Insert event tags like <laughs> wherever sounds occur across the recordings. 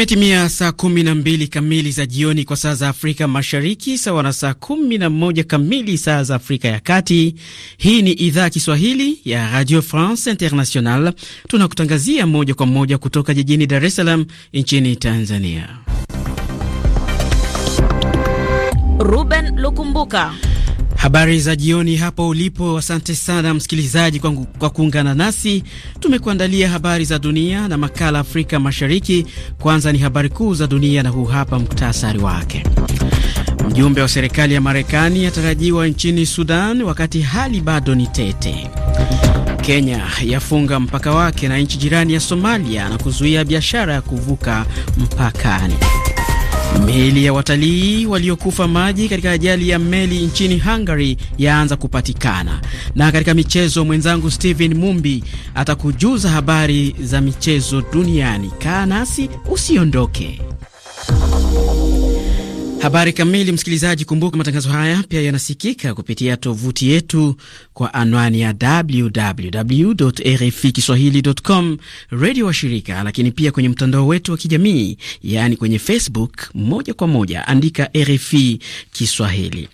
Imetimia saa 12 kamili za jioni kwa saa za Afrika Mashariki, sawa na saa moja kamili saa za Afrika ya Kati. Hii ni idhaa ya Kiswahili ya Radio France International, tunakutangazia moja kwa moja kutoka jijini Dar es Salaam nchini Tanzania. Ruben Lukumbuka Habari za jioni hapo ulipo. Asante sana msikilizaji kwa, kwa kuungana nasi. Tumekuandalia habari za dunia na makala Afrika Mashariki. Kwanza ni habari kuu za dunia na huu hapa muktasari wake. Mjumbe wa serikali ya Marekani atarajiwa nchini Sudan wakati hali bado ni tete. Kenya yafunga mpaka wake na nchi jirani ya Somalia na kuzuia biashara ya kuvuka mpakani. Miili ya watalii waliokufa maji katika ajali ya meli nchini Hungary yaanza kupatikana. Na katika michezo, mwenzangu Steven Mumbi atakujuza habari za michezo duniani. Kaa nasi usiondoke. Habari kamili, msikilizaji, kumbuka matangazo haya pia yanasikika kupitia tovuti yetu kwa anwani ya www RFI kiswahilicom, redio wa shirika, lakini pia kwenye mtandao wetu wa kijamii, yaani kwenye Facebook. Moja kwa moja andika RFI Kiswahili.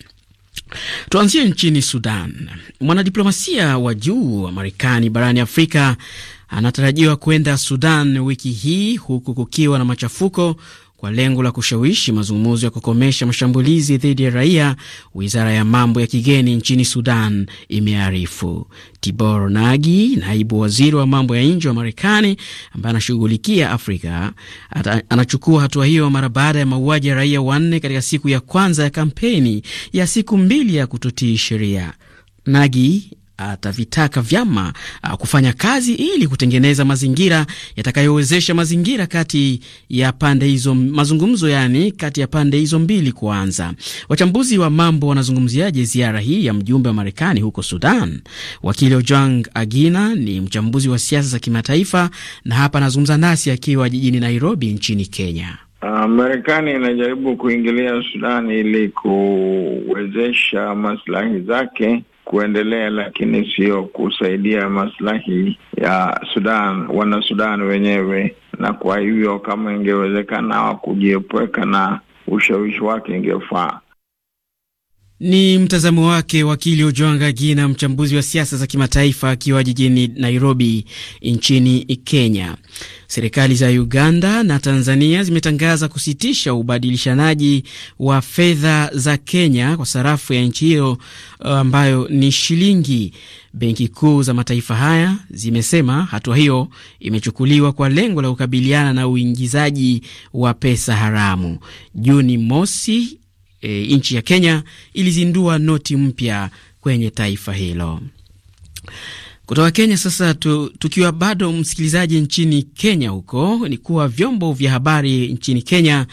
Tuanzie nchini Sudan. Mwanadiplomasia wa juu wa Marekani barani Afrika anatarajiwa kwenda Sudan wiki hii huku kukiwa na machafuko kwa lengo la kushawishi mazungumzo ya kukomesha mashambulizi dhidi ya raia, wizara ya mambo ya kigeni nchini Sudan imearifu. Tibor Nagi, naibu waziri wa mambo ya nje wa Marekani ambaye anashughulikia Afrika, anachukua hatua hiyo mara baada ya mauaji ya raia wanne katika siku ya kwanza ya kampeni ya siku mbili ya kutotii sheria. Nagi atavitaka vyama ah, kufanya kazi ili kutengeneza mazingira yatakayowezesha mazingira kati ya pande hizo, mazungumzo yani kati ya pande hizo mbili kuanza. Wachambuzi wa mambo wanazungumziaje ziara hii ya mjumbe wa Marekani huko Sudan? Wakili Ojwang Agina ni mchambuzi wa siasa za kimataifa na hapa anazungumza nasi akiwa jijini Nairobi nchini Kenya. Ah, Marekani inajaribu kuingilia sudan ili kuwezesha maslahi zake kuendelea, lakini sio kusaidia maslahi ya Sudan, wana Sudan wenyewe. Na kwa hivyo kama ingewezekana wakujiepueka na ushawishi wake ingefaa. Ni mtazamo wake wakili Ojwanga Gina, mchambuzi wa siasa za kimataifa akiwa jijini Nairobi nchini Kenya. Serikali za Uganda na Tanzania zimetangaza kusitisha ubadilishanaji wa fedha za Kenya kwa sarafu ya nchi hiyo uh, ambayo ni shilingi. Benki kuu za mataifa haya zimesema hatua hiyo imechukuliwa kwa lengo la kukabiliana na uingizaji wa pesa haramu. Juni mosi e, nchi ya Kenya ilizindua noti mpya kwenye taifa hilo. Kutoka Kenya sasa tu, tukiwa bado msikilizaji nchini Kenya, huko ni kuwa vyombo vya habari nchini Kenya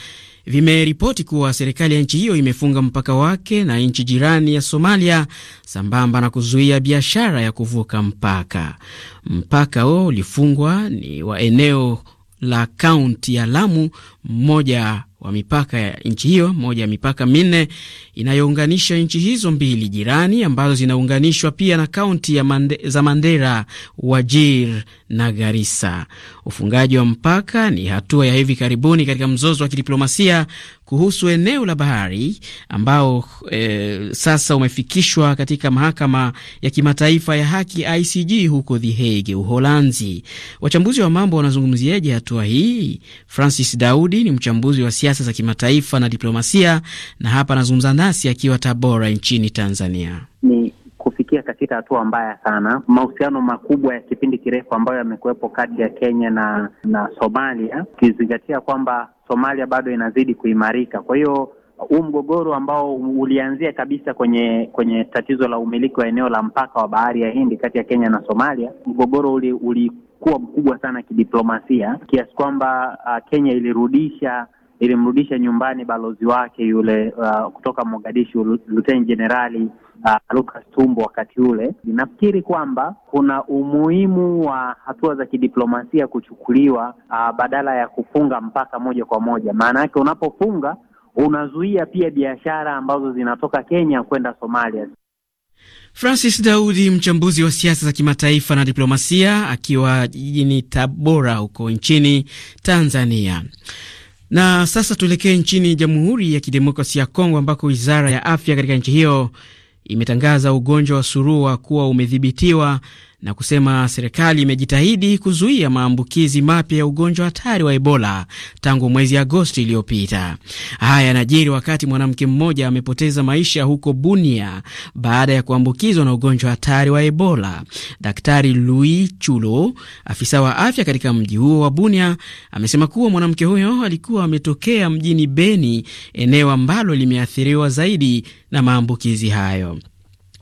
vimeripoti kuwa serikali ya nchi hiyo imefunga mpaka wake na nchi jirani ya Somalia sambamba na kuzuia biashara ya kuvuka mpaka. Mpaka huo ulifungwa ni wa eneo la kaunti ya Lamu, mmoja wa mipaka ya nchi hiyo, moja ya mipaka minne inayounganisha nchi hizo mbili jirani ambazo zinaunganishwa pia na kaunti mande, za Mandera, Wajir na Garisa. Ufungaji wa mpaka ni hatua ya hivi karibuni katika mzozo wa kidiplomasia kuhusu eneo la bahari ambao e, sasa umefikishwa katika mahakama ya kimataifa ya haki ICJ huko The Hague, Uholanzi. Wachambuzi wa mambo wanazungumziaje hatua hii? Francis Daudi ni mchambuzi wa siasa za kimataifa na diplomasia na hapa anazungumza nasi akiwa Tabora nchini Tanzania. Ni kufikia katika hatua mbaya sana, mahusiano makubwa ya kipindi kirefu ambayo yamekuwepo kati ya Kenya na na Somalia, ukizingatia kwamba Somalia bado inazidi kuimarika. Kwa hiyo huu mgogoro ambao ulianzia kabisa kwenye kwenye tatizo la umiliki wa eneo la mpaka wa bahari ya Hindi kati ya Kenya na Somalia, mgogoro uli, ulikuwa mkubwa sana kidiplomasia kiasi kwamba uh, Kenya ilirudisha ilimrudisha nyumbani balozi wake yule uh, kutoka Mogadishu, Luteni Jenerali uh, Lucas Tumbo wakati ule. Ninafikiri kwamba kuna umuhimu wa hatua za kidiplomasia kuchukuliwa uh, badala ya kufunga mpaka moja kwa moja. Maana yake unapofunga unazuia pia biashara ambazo zinatoka Kenya kwenda Somalia. Francis Daudi, mchambuzi wa siasa za kimataifa na diplomasia, akiwa jijini Tabora huko nchini Tanzania. Na sasa tuelekee nchini Jamhuri ya Kidemokrasia ya Kongo ambako wizara ya afya katika nchi hiyo imetangaza ugonjwa wa surua kuwa umedhibitiwa na kusema serikali imejitahidi kuzuia maambukizi mapya ya ugonjwa hatari wa Ebola tangu mwezi Agosti iliyopita. Haya yanajiri wakati mwanamke mmoja amepoteza maisha huko Bunia baada ya kuambukizwa na ugonjwa hatari wa Ebola. Daktari Louis Chulo, afisa wa afya katika mji huo wa Bunia, amesema kuwa mwanamke huyo alikuwa ametokea mjini Beni, eneo ambalo limeathiriwa zaidi na maambukizi hayo.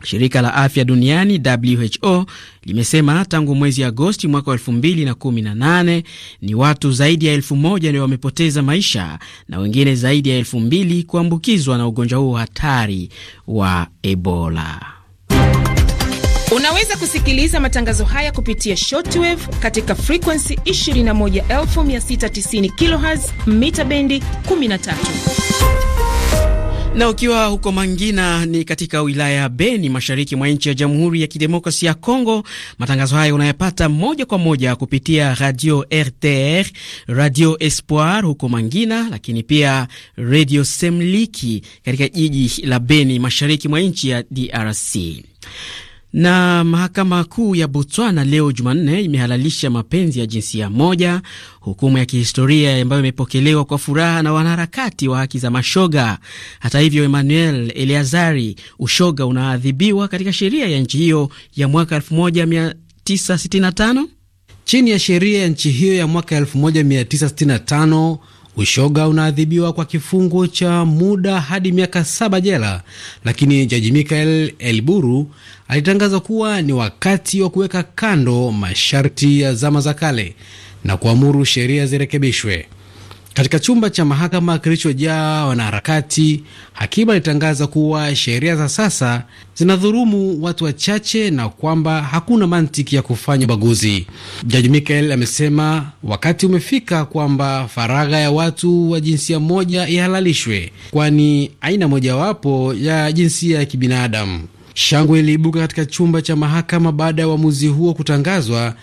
Shirika la afya duniani WHO limesema tangu mwezi Agosti mwaka wa 2018 ni watu zaidi ya elfu moja ndio wamepoteza maisha na wengine zaidi ya elfu mbili kuambukizwa na ugonjwa huo hatari wa Ebola. Unaweza kusikiliza matangazo haya kupitia shortwave katika frekuensi 21690 kHz mita bendi 13. Na ukiwa huko Mangina ni katika wilaya ya Beni, mashariki mwa nchi ya Jamhuri ya Kidemokrasia ya Kongo. Matangazo haya unayapata moja kwa moja kupitia Radio RTR, Radio Espoir huko Mangina, lakini pia Radio Semliki katika jiji la Beni, mashariki mwa nchi ya DRC. Na mahakama kuu ya Botswana leo Jumanne imehalalisha mapenzi ya jinsia moja, hukumu ya kihistoria ambayo imepokelewa kwa furaha na wanaharakati wa haki za mashoga. Hata hivyo, Emmanuel Eleazari, ushoga unaadhibiwa katika sheria ya nchi hiyo ya mwaka 1965 chini ya sheria ya nchi hiyo ya mwaka 1965 Ushoga unaadhibiwa kwa kifungo cha muda hadi miaka saba jela, lakini jaji Michael Elburu alitangaza kuwa ni wakati wa kuweka kando masharti ya zama za kale na kuamuru sheria zirekebishwe. Katika chumba cha mahakama kilichojaa wanaharakati, hakimu alitangaza kuwa sheria za sasa zinadhurumu watu wachache na kwamba hakuna mantiki ya kufanya ubaguzi. Jaji Michael amesema wakati umefika kwamba faragha ya watu wa jinsia moja ihalalishwe, kwani aina mojawapo ya jinsia ya kibinadamu. Shangwe iliibuka katika chumba cha mahakama baada ya uamuzi huo kutangazwa,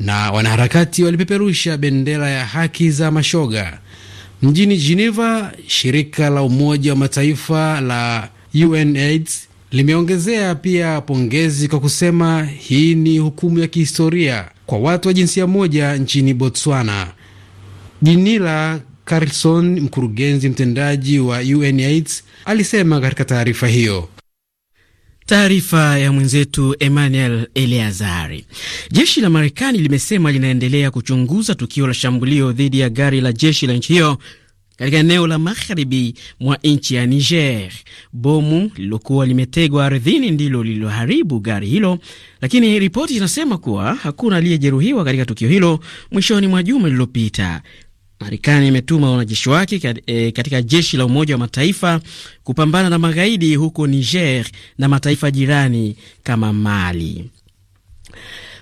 na wanaharakati walipeperusha bendera ya haki za mashoga. Mjini Geneva, shirika la Umoja wa Mataifa la UNAIDS limeongezea pia pongezi kwa kusema hii ni hukumu ya kihistoria kwa watu wa jinsia moja nchini Botswana. jinila Carlson, mkurugenzi mtendaji wa UNAIDS, alisema katika taarifa hiyo Taarifa ya mwenzetu Emmanuel Eleazari. Jeshi la Marekani limesema linaendelea kuchunguza tukio la shambulio dhidi ya gari la jeshi la nchi hiyo katika eneo la magharibi mwa nchi ya Niger. Bomu lililokuwa limetegwa ardhini ndilo lililoharibu gari hilo, lakini ripoti zinasema kuwa hakuna aliyejeruhiwa katika tukio hilo mwishoni mwa juma lililopita. Marekani imetuma wanajeshi wake e, katika jeshi la Umoja wa Mataifa kupambana na magaidi huko Niger na mataifa jirani kama Mali.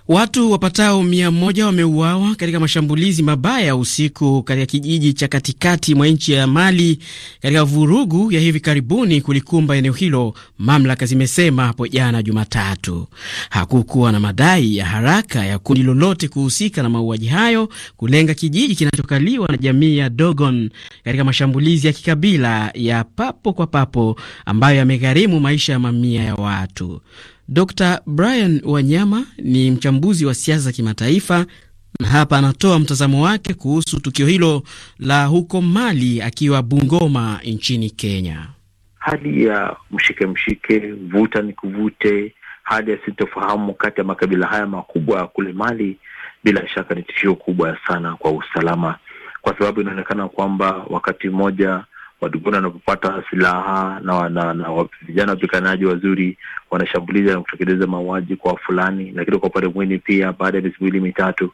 Watu wapatao mia moja wameuawa katika mashambulizi mabaya ya usiku katika kijiji cha katikati mwa nchi ya Mali katika vurugu ya hivi karibuni kulikumba eneo hilo, mamlaka zimesema hapo jana Jumatatu. Hakukuwa na madai ya haraka ya kundi lolote kuhusika na mauaji hayo kulenga kijiji kinachokaliwa na jamii ya Dogon katika mashambulizi ya kikabila ya papo kwa papo ambayo yamegharimu maisha ya mamia ya watu. Dr Brian Wanyama ni mchambuzi wa siasa za kimataifa na hapa anatoa mtazamo wake kuhusu tukio hilo la huko Mali akiwa Bungoma nchini Kenya. Hali ya mshike mshike, vuta ni kuvute, hali ya sitofahamu kati ya makabila haya makubwa kule Mali bila shaka ni tishio kubwa sana kwa usalama, kwa sababu inaonekana kwamba wakati mmoja Matukuna wanapopata silaha na, vijana wapiganaji wazuri wanashambulia na kutekeleza mauaji kwa fulani, lakini kwa upande mwingine pia baada ya miezi miwili mitatu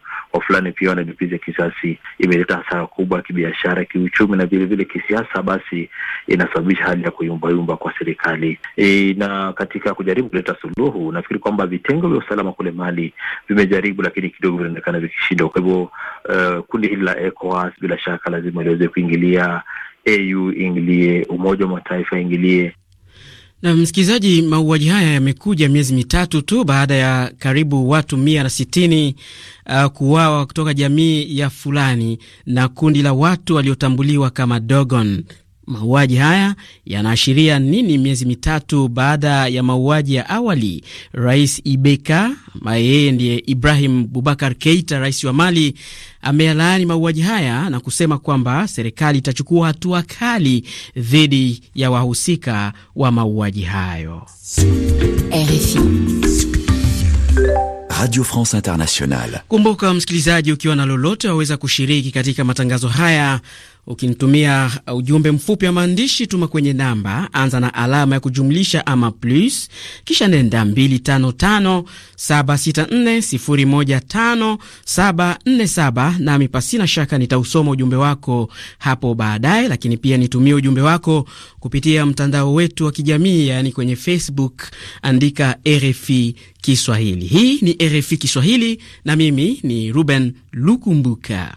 fulani pia wanalipiza kisasi. Imeleta hasara kubwa ya kibiashara, kiuchumi na vilevile kisiasa, basi inasababisha hali ya kuyumbayumba kwa serikali e, na katika kujaribu kuleta suluhu, nafikiri kwamba vitengo vya usalama kule Mali vimejaribu, lakini kidogo vinaonekana vikishindwa. Kwa hivyo uh, kundi hili la ECOWAS bila shaka lazima liweze kuingilia AU iingilie, Umoja wa Mataifa iingilie. Na msikilizaji, mauaji haya yamekuja miezi mitatu tu baada ya karibu watu mia na sitini uh, kuuawa kutoka jamii ya Fulani na kundi la watu waliotambuliwa kama Dogon. Mauaji haya yanaashiria nini miezi mitatu baada ya mauaji ya awali? Rais Ibeka ambaye yeye ndiye Ibrahim Bubakar Keita, rais wa Mali, ameyalaani mauaji haya na kusema kwamba serikali itachukua hatua kali dhidi ya wahusika wa mauaji hayo. RFI Radio France Internationale. Kumbuka msikilizaji, ukiwa na lolote waweza kushiriki katika matangazo haya Ukinitumia ujumbe mfupi wa maandishi, tuma kwenye namba, anza na alama ya kujumlisha ama plus, kisha nenda 255764015747 nami pasina shaka nitausoma ujumbe wako hapo baadaye. Lakini pia nitumie ujumbe wako kupitia mtandao wetu wa kijamii, yaani kwenye Facebook, andika RFI Kiswahili. Hii ni RFI Kiswahili na mimi ni Ruben Lukumbuka.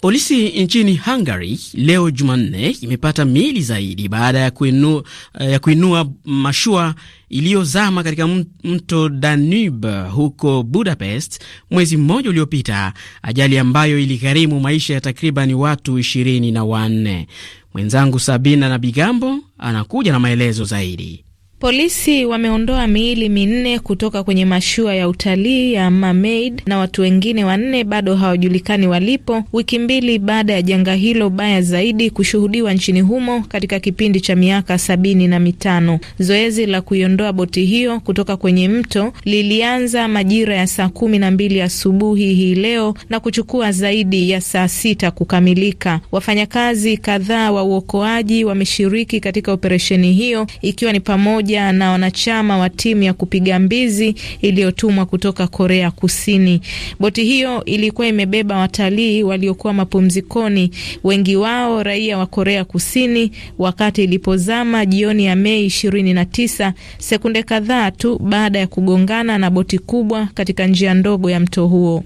Polisi nchini Hungary leo Jumanne imepata miili zaidi baada ya kuinua, ya kuinua mashua iliyozama katika mto Danube huko Budapest mwezi mmoja uliopita, ajali ambayo iligharimu maisha ya takriban watu ishirini na wanne. Mwenzangu Sabina na Bigambo anakuja na maelezo zaidi. Polisi wameondoa miili minne kutoka kwenye mashua ya utalii ya Mermaid na watu wengine wanne bado hawajulikani walipo, wiki mbili baada ya janga hilo baya zaidi kushuhudiwa nchini humo katika kipindi cha miaka sabini na mitano. Zoezi la kuiondoa boti hiyo kutoka kwenye mto lilianza majira ya saa kumi na mbili asubuhi hii leo na kuchukua zaidi ya saa sita kukamilika. Wafanyakazi kadhaa wa uokoaji wameshiriki katika operesheni hiyo ikiwa ni pamoja pamoja na wanachama wa timu ya kupiga mbizi iliyotumwa kutoka Korea Kusini. Boti hiyo ilikuwa imebeba watalii waliokuwa mapumzikoni, wengi wao raia wa Korea Kusini, wakati ilipozama jioni ya Mei 29 sekunde kadhaa tu baada ya kugongana na boti kubwa katika njia ndogo ya mto huo.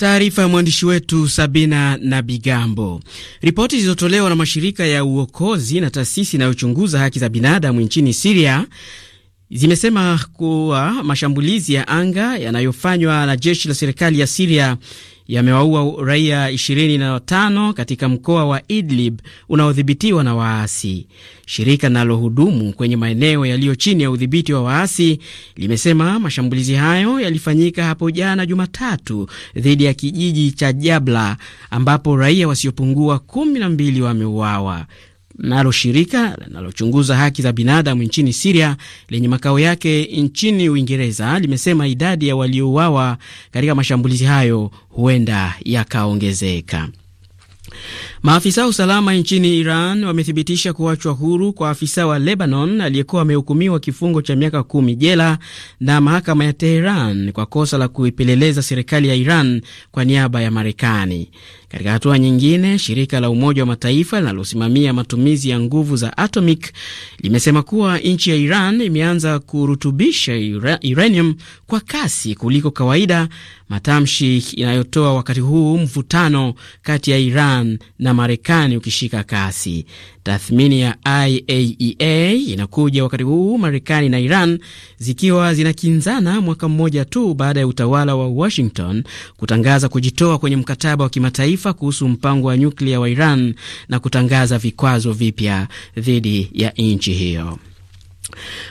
Taarifa ya mwandishi wetu Sabina na Bigambo. Ripoti zilizotolewa na mashirika ya uokozi na taasisi inayochunguza haki za binadamu nchini Siria zimesema kuwa mashambulizi ya anga yanayofanywa na jeshi la serikali ya Siria yamewaua raia 25 katika mkoa wa Idlib unaodhibitiwa na waasi. Shirika linalohudumu kwenye maeneo yaliyo chini ya udhibiti wa waasi limesema mashambulizi hayo yalifanyika hapo jana Jumatatu dhidi ya kijiji cha Jabla ambapo raia wasiopungua 12 wameuawa. Nalo shirika linalochunguza haki za binadamu nchini Siria lenye makao yake nchini Uingereza limesema idadi ya waliouawa katika mashambulizi hayo huenda yakaongezeka. Maafisa wa usalama nchini Iran wamethibitisha kuachwa huru kwa afisa wa Lebanon aliyekuwa amehukumiwa kifungo cha miaka kumi jela na mahakama ya Teheran kwa kosa la kuipeleleza serikali ya Iran kwa niaba ya Marekani. Katika hatua nyingine, shirika la Umoja wa Mataifa linalosimamia matumizi ya nguvu za atomic limesema kuwa nchi ya Iran imeanza kurutubisha uranium kwa kasi kuliko kawaida matamshi inayotoa wakati huu mvutano kati ya Iran na Marekani ukishika kasi. Tathmini ya IAEA e inakuja wakati huu Marekani na Iran zikiwa zinakinzana mwaka mmoja tu baada ya utawala wa Washington kutangaza kujitoa kwenye mkataba wa kimataifa kuhusu mpango wa nyuklia wa Iran na kutangaza vikwazo vipya dhidi ya nchi hiyo.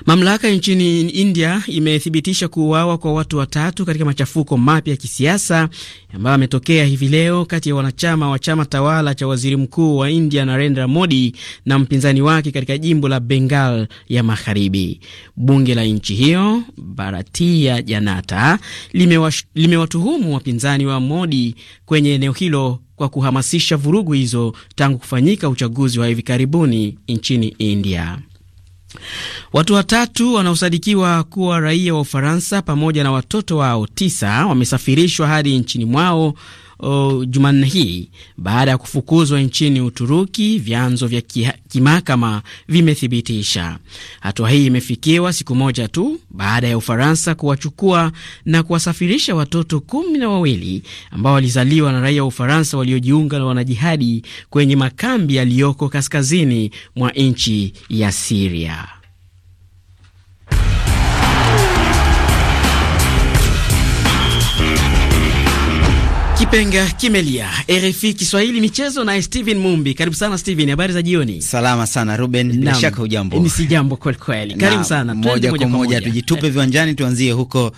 Mamlaka nchini India imethibitisha kuuawa kwa watu watatu katika machafuko mapya ya kisiasa ambayo ametokea hivi leo kati ya wanachama wa chama tawala cha waziri mkuu wa India Narendra Modi na mpinzani wake katika jimbo la Bengal ya Magharibi. Bunge la nchi hiyo Bharatiya Janata limewatuhumu lime wapinzani wa Modi kwenye eneo hilo kwa kuhamasisha vurugu hizo tangu kufanyika uchaguzi wa hivi karibuni nchini India. Watu watatu wanaosadikiwa kuwa raia wa Ufaransa pamoja na watoto wao tisa wamesafirishwa hadi nchini mwao Jumanne hii baada ya kufukuzwa nchini Uturuki, vyanzo vya kimahakama vimethibitisha. Hatua hii imefikiwa siku moja tu baada ya Ufaransa kuwachukua na kuwasafirisha watoto kumi na wawili ambao walizaliwa na raia wa Ufaransa waliojiunga na wanajihadi kwenye makambi yaliyoko kaskazini mwa nchi ya Siria. Kipenga kimelia. RFI Kiswahili michezo na Steven Mumbi. Karibu sana Steven, habari za jioni. Salama sana Ruben, bila shaka hujambo. Eh, ni si jambo kweli kweli. Karibu sana. Moja kwa moja tujitupe viwanjani tuanzie huko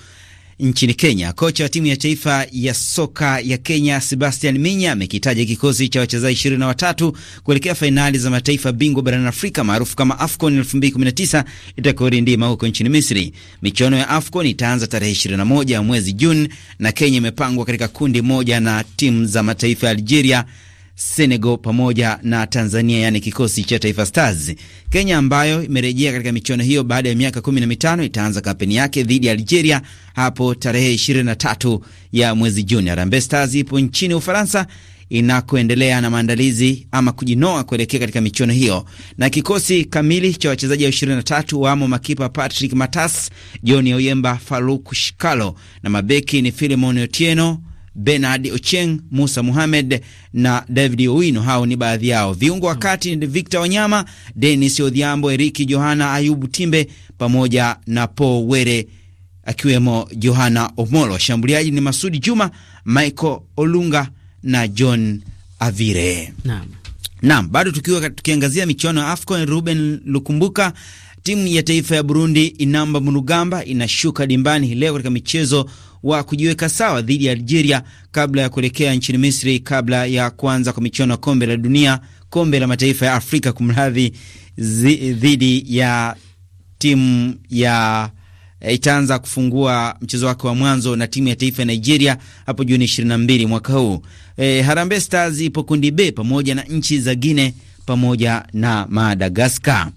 nchini Kenya. Kocha wa timu ya taifa ya soka ya Kenya Sebastian Minya amekitaja kikosi cha wachezaji ishirini na watatu kuelekea fainali za mataifa bingwa barani Afrika maarufu kama AFCON 2019 itakayorindima huko nchini Misri. Michuano ya AFCON itaanza tarehe 21 mwezi Juni na Kenya imepangwa katika kundi moja na timu za mataifa ya Algeria Senegal pamoja na Tanzania, yani kikosi cha Taifa Stars. Kenya ambayo imerejea katika michuano hiyo baada ya miaka kumi na mitano itaanza kampeni yake dhidi ya Algeria hapo tarehe 23 ya mwezi Juni. Harambee Stars ipo nchini Ufaransa inakoendelea na maandalizi ama kujinoa kuelekea katika michuano hiyo, na kikosi kamili cha wachezaji wa tatu wamo makipa Patrick Matas, John Oyemba, Faruk Shikalo na mabeki ni Filemon Otieno Bernard Ocheng, Musa Muhamed na David Owino. Hao ni baadhi yao. Viungo wa kati ni Victor Wanyama, Denis Odhiambo, Eriki Johana, Ayubu Timbe pamoja na Paul Were akiwemo Johana Omolo. Washambuliaji ni Masudi Juma, Michael Olunga na John Avire. Naam, naam, bado tukiwa tukiangazia michuano ya AFCON, Ruben Lukumbuka, timu ya taifa ya Burundi inamba Murugamba inashuka dimbani hii leo katika michezo wa kujiweka sawa dhidi ya Algeria kabla ya kuelekea nchini Misri kabla ya kuanza kwa michuano ya kombe la dunia, kombe la mataifa ya Afrika kumradhi, dhidi ya timu ya eh, itaanza kufungua mchezo wake wa mwanzo na timu ya taifa ya Nigeria hapo Juni 22 mwaka huu. E, Harambee Stars ipo kundi B pamoja na nchi za Guinea pamoja na Madagascar.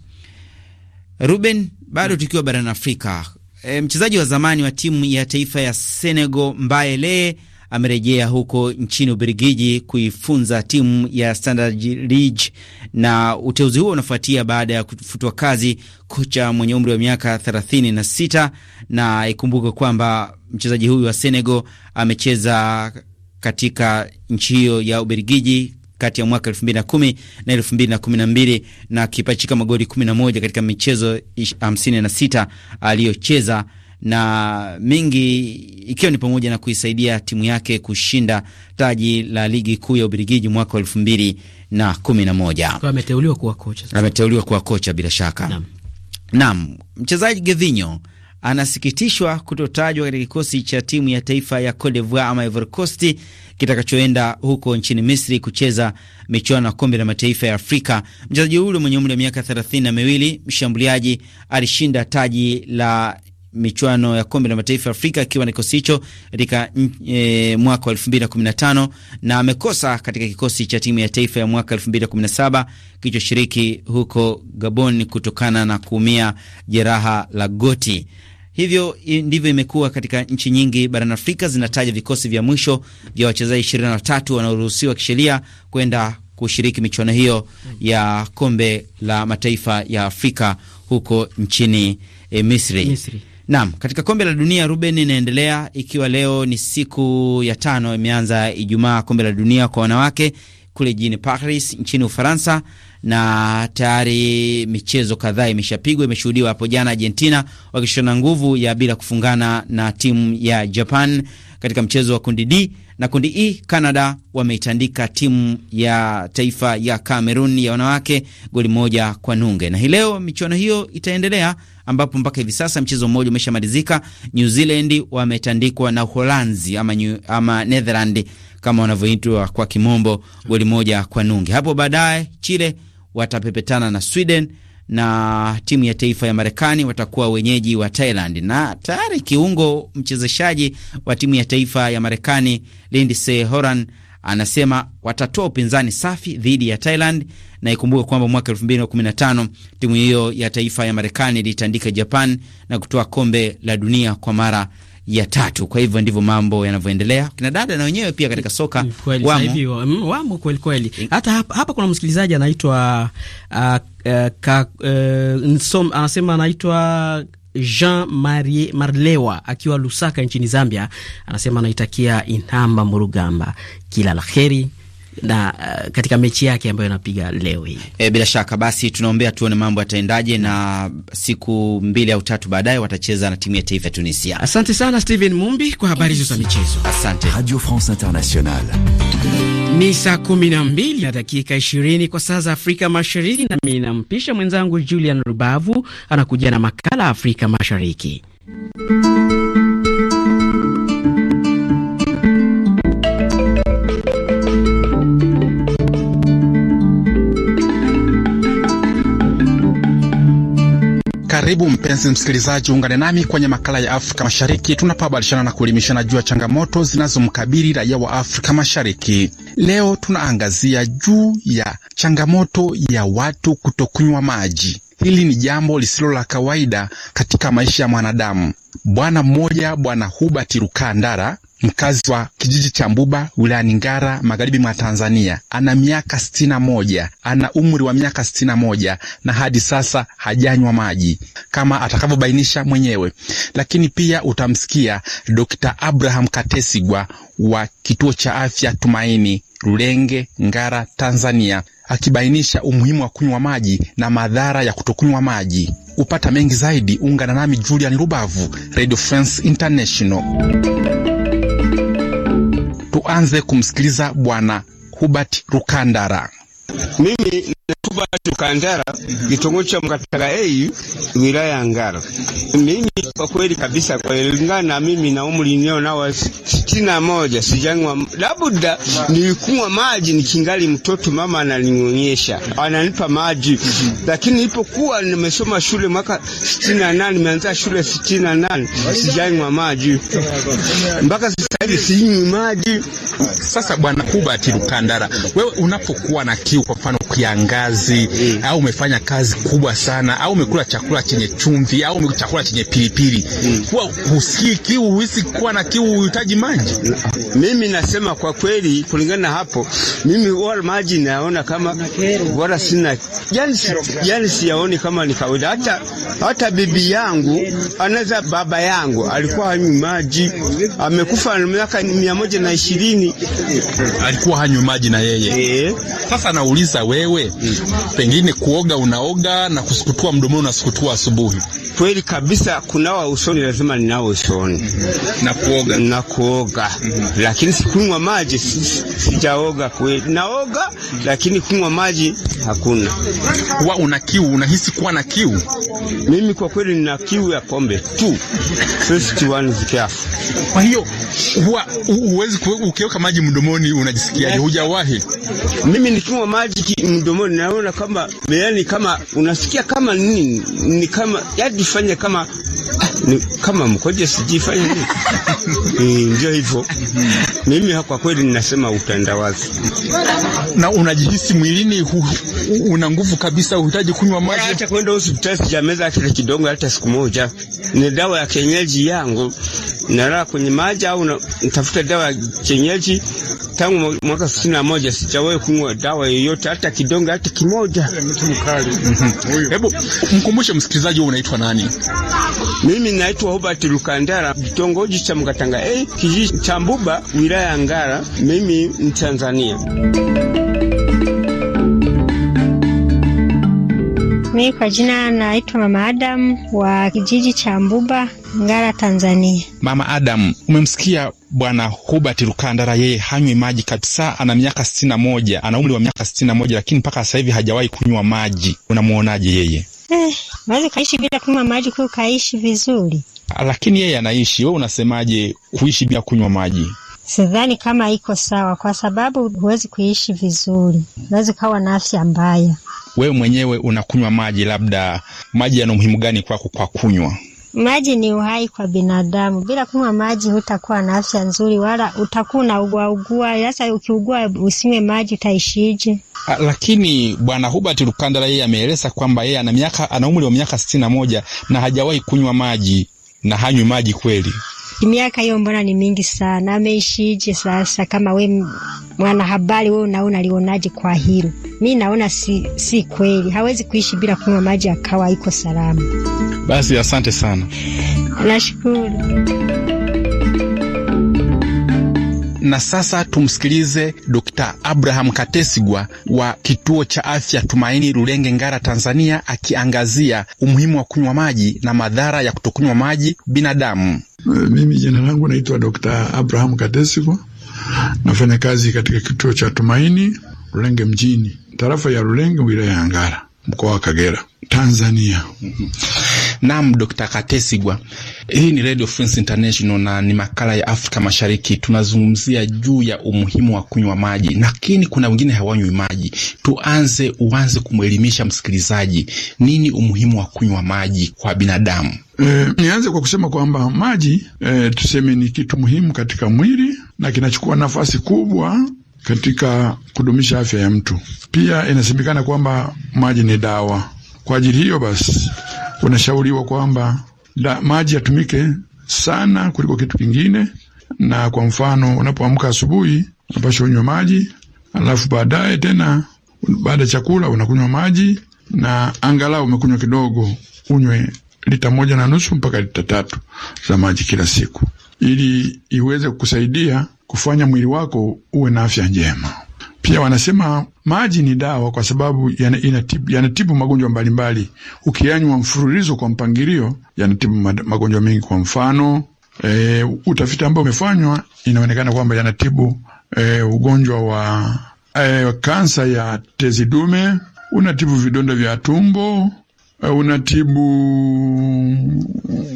Ruben, bado tukiwa barani Afrika, E, mchezaji wa zamani wa timu ya taifa ya Senegal lee amerejea huko nchini Ubelgiji kuifunza timu ya Standard Liege, na uteuzi huo unafuatia baada ya kufutwa kazi kocha mwenye umri wa miaka 36, na ikumbuke kwamba mchezaji huyu wa Senegal amecheza katika nchi hiyo ya Ubelgiji kati ya mwaka 2010 na 2012 na akipachika magoli 11 katika michezo 56 aliyocheza na mingi ikiwa ni pamoja na kuisaidia timu yake kushinda taji la ligi kuu ya Ubirigiji mwaka wa elfu mbili na kumi na moja. Ameteuliwa kuwa kocha, ameteuliwa kuwa kocha bila shaka. Naam, naam, mchezaji Gedhinho anasikitishwa kutotajwa katika kikosi cha timu ya taifa ya Cote d'Ivoire ama Ivory Coast kitakachoenda huko nchini Misri kucheza michuano ya kombe la mataifa ya Afrika. Mchezaji huyo mwenye umri wa miaka thelathini na miwili, mshambuliaji, alishinda taji la michuano ya kombe la mataifa ya Afrika akiwa na kikosi hicho katika e, mwaka wa 2015 na amekosa katika kikosi cha timu ya taifa ya mwaka 2017 kilichoshiriki huko Gabon kutokana na kuumia jeraha la goti. Hivyo ndivyo imekuwa katika nchi nyingi barani Afrika, zinataja vikosi vya mwisho vya wachezaji 23 wanaoruhusiwa kisheria kwenda kushiriki michuano hiyo ya kombe la mataifa ya Afrika huko nchini e, Misri, Misri. Naam, katika kombe la dunia Ruben inaendelea ikiwa leo ni siku ya tano, imeanza Ijumaa kombe la dunia kwa wanawake kule jijini Paris nchini Ufaransa, na tayari michezo kadhaa imeshapigwa, imeshuhudiwa hapo jana, Argentina wakishona nguvu ya bila kufungana na timu ya Japan katika mchezo wa kundi D na kundi E, Canada wameitandika timu ya taifa ya Cameroon ya wanawake goli moja kwa nunge, na hii leo michuano hiyo itaendelea, ambapo mpaka hivi sasa mchezo mmoja umeshamalizika. New Zealand wametandikwa na Uholanzi ama, ama Netherland kama wanavyoitwa kwa kimombo, goli moja kwa nunge. Hapo baadaye Chile watapepetana na Sweden na timu ya taifa ya Marekani watakuwa wenyeji wa Thailand. Na tayari kiungo mchezeshaji wa timu ya taifa ya Marekani Lindsey Horan anasema watatoa upinzani safi dhidi ya Thailand, na ikumbuke kwamba mwaka 2015 timu hiyo ya taifa ya Marekani ilitandika Japan na kutoa kombe la dunia kwa mara ya tatu. Kwa hivyo ndivyo mambo yanavyoendelea, kina dada na wenyewe pia katika soka kweli, wamo, mm, wamo kweli kweli. Hata hapa, hapa kuna msikilizaji anaitwa uh, uh, uh, nsom, anasema anaitwa Jean Marie Marlewa akiwa Lusaka nchini Zambia, anasema anaitakia Intamba Murugamba kila la heri na uh, katika mechi yake ambayo anapiga leo hii e, bila shaka basi tunaombea tuone mambo yataendaje, na siku mbili au tatu baadaye watacheza na timu ya taifa ya Tunisia. Asante sana Steven Mumbi kwa habari hizo za michezo. Asante. Radio France Internationale. Ni saa kumi na mbili na dakika ishirini kwa saa za Afrika Mashariki, nami nampisha mwenzangu Julian Rubavu anakuja na makala Afrika Mashariki. Karibu mpenzi msikilizaji, ungane nami kwenye makala ya Afrika Mashariki tunapobadilishana na kuelimishana juu ya changamoto zinazomkabili raia wa Afrika Mashariki. Leo tunaangazia juu ya changamoto ya watu kutokunywa maji. Hili ni jambo lisilo la kawaida katika maisha ya mwanadamu. Bwana mmoja, Bwana Hubert Rukandara mkazi wa kijiji cha Mbuba wilayani Ngara magharibi mwa Tanzania. Ana miaka sitini na moja, ana umri wa miaka sitini na moja na hadi sasa hajanywa maji kama atakavyobainisha mwenyewe. Lakini pia utamsikia Dr. Abraham Katesigwa wa kituo cha afya Tumaini Rulenge, Ngara, Tanzania akibainisha umuhimu wa kunywa maji na madhara ya kutokunywa maji. Upata mengi zaidi, ungana nami Julian Rubavu, Radio France International tuanze kumsikiliza Bwana Hubert Rukandara. Mimi Natuba Tukandara, kitongoji cha Mkataga A, wilaya ya Ngara. Mimi kwa kweli kabisa, kwa kulingana na mimi na umri nilio nao sitini na moja, sijanywa labda nilikunywa maji nikingali mtoto, mama ananinyonyesha ananipa maji, lakini nilipokuwa nimesoma shule mwaka sitini na nane, nimeanza shule sitini na nane, sijanywa maji mpaka sasa hivi, sinywi maji. Sasa Bwana Kuba Tukandara, wewe unapokuwa na kia kiu, kwa mfano kiangazi, mm. au umefanya kazi kubwa sana, au umekula chakula chenye chumvi, au chakula chenye pilipili, mm. kuwa husikii kiu, huhisi kuwa na kiu, uhitaji maji. Mimi nasema kwa kweli, kulingana hapo, mimi wala maji naona kama wala sina, yani yani siyaoni kama ni kawaida. Hata hata bibi yangu anaweza, baba yangu alikuwa hanywi maji, amekufa miaka mia moja na ishirini, alikuwa hanywi maji na yeye e. Sasa na nauliza wewe, mm. pengine kuoga unaoga na kusukutua mdomoni unasukutua asubuhi? Kweli kabisa, kunawa usoni lazima ninao usoni mm -hmm. na kuoga, na kuoga. Mm -hmm. Lakini sikunywa maji, sijaoga kweli, naoga mm -hmm. lakini kunywa maji hakuna. Huwa una kiu, unahisi kuwa na kiu? Mimi kwa kweli nina kiu ya pombe tu kwa hiyo huwa huwezi ukioka maji mdomoni unajisikiaje? Hujawahi? Mimi nikinywa maji mdomoni, naona kama yani, kama unasikia kama nini, ni kama yadifanya kama ah, ni, kama mkoje sijifanye nini? <laughs> Eh, ndio hivyo, mimi kwa kweli ninasema utandawazi. Na unajihisi mwilini una nguvu kabisa, uhitaji kunywa maji hata kwenda hospitali, sijameza kile kidogo hata siku moja. Ni dawa ya kienyeji yangu, nalala kwenye maji au nitafuta dawa ya kienyeji tangu mwaka sitini na moja sijawahi kunywa dawa yoyote hata kidonge hata kimoja. Hebu mkumbushe msikilizaji, unaitwa nani? Mimi naitwa Hobart Lukandara, kitongoji cha Mkatanga A, kijiji cha Mbuba, wilaya ya Ngara. Mimi ni Tanzania. Mimi kwa jina naitwa Mama Adam wa kijiji cha Mbuba, Ngara, Tanzania. Mama Adam, umemsikia Bwana Hubert Lukandara, yeye hanywi maji kabisa. Ana miaka sitini na moja, ana umri wa miaka sitini na moja, lakini mpaka sasa hivi hajawahi kunywa maji. Unamwonaje yeye? Eh, unaweza ukaishi bila kunywa maji kwa ukaishi vizuri, ah, lakini yeye anaishi. Wewe unasemaje kuishi bila kunywa maji? Sidhani kama iko sawa, kwa sababu huwezi kuishi vizuri, unaweza ukawa na afya mbaya. Wewe mwenyewe unakunywa maji, labda maji yana umuhimu gani kwako kwa kunywa? Maji ni uhai kwa binadamu. Bila kunywa maji hutakuwa na afya nzuri, wala utakuwa na ugua ugua. Sasa ukiugua usinywe maji utaishije? Ah, lakini Bwana Hubert Lukandala yeye ameeleza kwamba yeye ana miaka ana umri wa miaka sitini na moja na hajawahi kunywa maji na hanywi maji kweli miaka hiyo mbona ni mingi sana, ameishije sasa? Kama we mwanahabari, we unaona alionaje kwa hilo? Mi naona si, si kweli, hawezi kuishi bila kunywa maji akawa iko salama. Basi asante sana, nashukuru. Na sasa tumsikilize Dkt. Abraham Katesigwa wa kituo cha afya Tumaini Rulenge, Ngara, Tanzania, akiangazia umuhimu wa kunywa maji na madhara ya kutokunywa maji binadamu. Eh, mimi jina langu naitwa Dr. Abraham Katesigwa, nafanya kazi katika kituo cha Tumaini Rulenge mjini, tarafa ya Rulenge, wilaya ya Ngara mkoa wa Kagera, Tanzania. <laughs> Naam, Dr. Katesigwa, hii ni Radio France International na ni makala ya Afrika Mashariki. Tunazungumzia juu ya umuhimu wa kunywa maji, lakini kuna wengine hawanywi maji. Tuanze uanze kumwelimisha msikilizaji, nini umuhimu wa kunywa maji kwa binadamu? E, nianze kwa kusema kwamba maji e, tuseme ni kitu muhimu katika mwili na kinachukua nafasi kubwa katika kudumisha afya ya mtu. Pia inasemekana kwamba maji ni dawa. Kwa ajili hiyo basi, unashauriwa kwamba maji yatumike sana kuliko kitu kingine, na kwa mfano, unapoamka asubuhi unapasha unywe maji, alafu baadaye tena baada ya chakula unakunywa maji, na angalau umekunywa kidogo, unywe lita moja na nusu mpaka lita tatu za maji kila siku, ili iweze kukusaidia kufanya mwili wako uwe na afya njema. Pia wanasema maji ni dawa, kwa sababu yanatibu yana yana magonjwa mbalimbali. Ukiyanywa mfululizo kwa mpangilio, yanatibu magonjwa mengi. Kwa mfano e, utafiti ambao umefanywa inaonekana kwamba yanatibu e, ugonjwa wa e, kansa ya tezi dume, unatibu vidonda vya tumbo, e, unatibu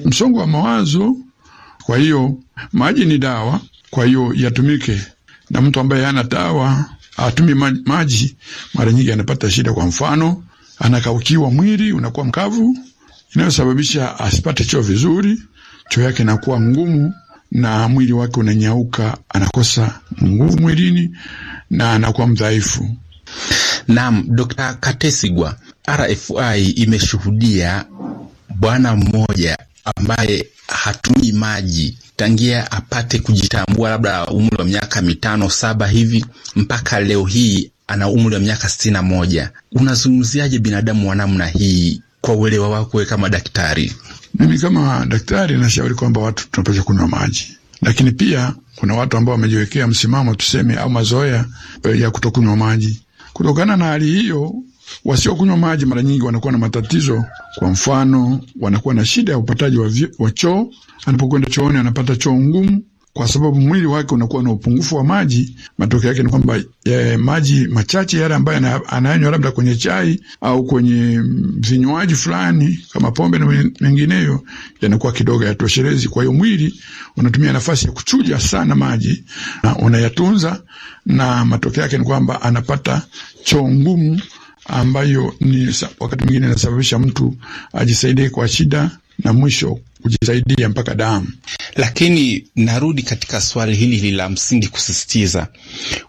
msongo wa mawazo. Kwa hiyo maji ni dawa kwa hiyo yatumike. Na mtu ambaye hana dawa atumi maji, mara nyingi anapata shida. Kwa mfano, anakaukiwa, mwili unakuwa mkavu, inayosababisha asipate choo vizuri, choo yake inakuwa ngumu na mwili wake unanyauka, anakosa nguvu mwilini na anakuwa mdhaifu. Naam, Dr. Katesigwa, RFI imeshuhudia bwana mmoja ambaye hatumii maji tangia apate kujitambua labda umri wa miaka mitano saba hivi mpaka leo hii ana umri wa miaka sitini na moja. Unazungumziaje binadamu wa namna hii kwa uelewa wako wewe kama daktari? Mimi kama daktari nashauri kwamba watu tunapaswa kunywa maji, lakini pia kuna watu ambao wamejiwekea msimamo tuseme, au mazoea eh, ya kutokunywa maji. Kutokana na hali hiyo, Wasiokunywa maji mara nyingi wanakuwa na matatizo. Kwa mfano, wanakuwa na shida ya upataji wa, choo. Anapokwenda chooni anapata choo ngumu kwa sababu mwili wake unakuwa na upungufu wa maji. Matokeo yake ni kwamba e, maji machache yale ambayo anayanywa labda kwenye chai au kwenye vinywaji fulani kama pombe na mengineyo yanakuwa kidogo yatoshelezi. Kwa hiyo mwili unatumia nafasi ya kuchuja sana maji na unayatunza, na matokeo yake ni kwamba anapata choo ngumu ambayo ni wakati mwingine inasababisha mtu ajisaidie kwa shida na mwisho kujisaidia mpaka damu. Lakini narudi katika swali hili hili la msingi kusisitiza,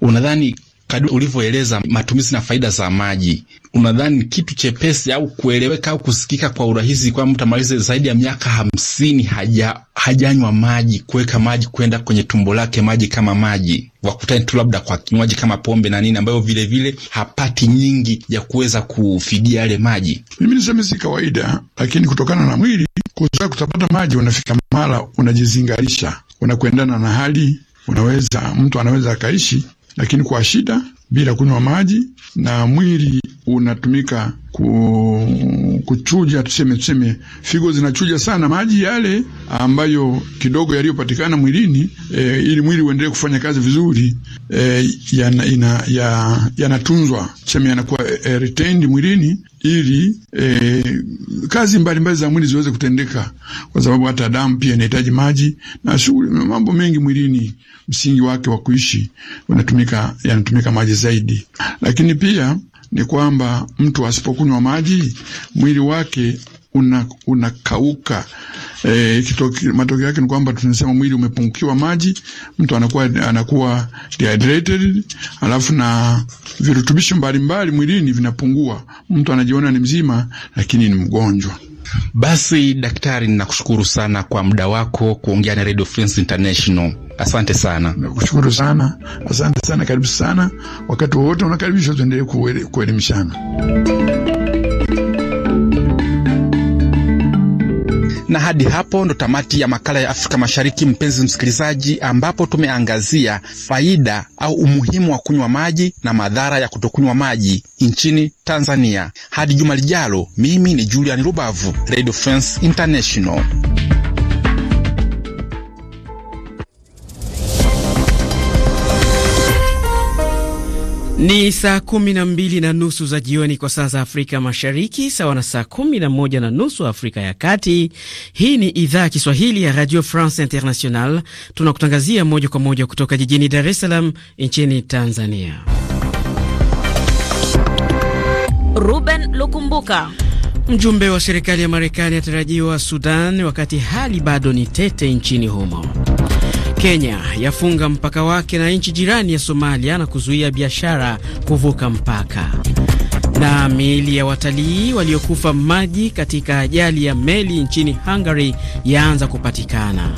unadhani kadri ulivyoeleza matumizi na faida za maji, unadhani kitu chepesi au kueleweka au kusikika kwa urahisi kwa mtu amalize zaidi ya miaka hamsini haja hajanywa maji, kuweka maji kwenda kwenye tumbo lake, maji kama maji wakutani tu labda kwa kinywaji kama pombe na nini, ambayo vilevile hapati nyingi ya kuweza kufidia yale maji. Mimi niseme si kawaida, lakini kutokana na mwili kuzoea kutapata maji, unafika mala unajizingalisha, unakuendana na hali unaweza mtu anaweza akaishi lakini kwa shida bila kunywa maji, na mwili unatumika kuchuja tuseme, tuseme figo zinachuja sana maji yale ambayo kidogo yaliyopatikana mwilini e, ili mwili uendelee kufanya kazi vizuri e, yanatunzwa ya, ya tuseme yanakuwa e, e, retained mwilini ili e, kazi mbalimbali za mwili ziweze kutendeka, kwa sababu hata damu pia inahitaji maji na shughuli, mambo mengi mwilini, msingi wake wa kuishi unatumika, yanatumika maji zaidi, lakini pia ni kwamba mtu asipokunywa maji mwili wake unakauka, una e, matokeo yake ni kwamba tunasema mwili umepungukiwa maji, mtu anakuwa anakuwa dehydrated, alafu na virutubisho mbalimbali mwilini vinapungua, mtu anajiona ni mzima, lakini ni mgonjwa. Basi daktari, ninakushukuru sana kwa muda wako kuongea na Radio France International. Asante sana, nakushukuru sana, asante sana, karibu sana. Wakati wowote unakaribishwa, tuendelee kuelimishana. Na hadi hapo ndo tamati ya makala ya Afrika Mashariki, mpenzi msikilizaji, ambapo tumeangazia faida au umuhimu wa kunywa maji na madhara ya kutokunywa maji nchini Tanzania. Hadi juma lijalo, mimi ni Julian Rubavu, Radio France International. Ni saa kumi na mbili na nusu za jioni kwa saa za Afrika Mashariki, sawa na saa kumi na moja na nusu Afrika ya Kati. Hii ni idhaa ya Kiswahili ya Radio France International, tunakutangazia moja kwa moja kutoka jijini Dar es Salaam nchini Tanzania. Ruben Lukumbuka. Mjumbe wa serikali ya Marekani atarajiwa Sudan, wakati hali bado ni tete nchini humo. Kenya yafunga mpaka wake na nchi jirani ya Somalia na kuzuia biashara kuvuka mpaka. Na miili ya watalii waliokufa maji katika ajali ya meli nchini Hungary yaanza kupatikana.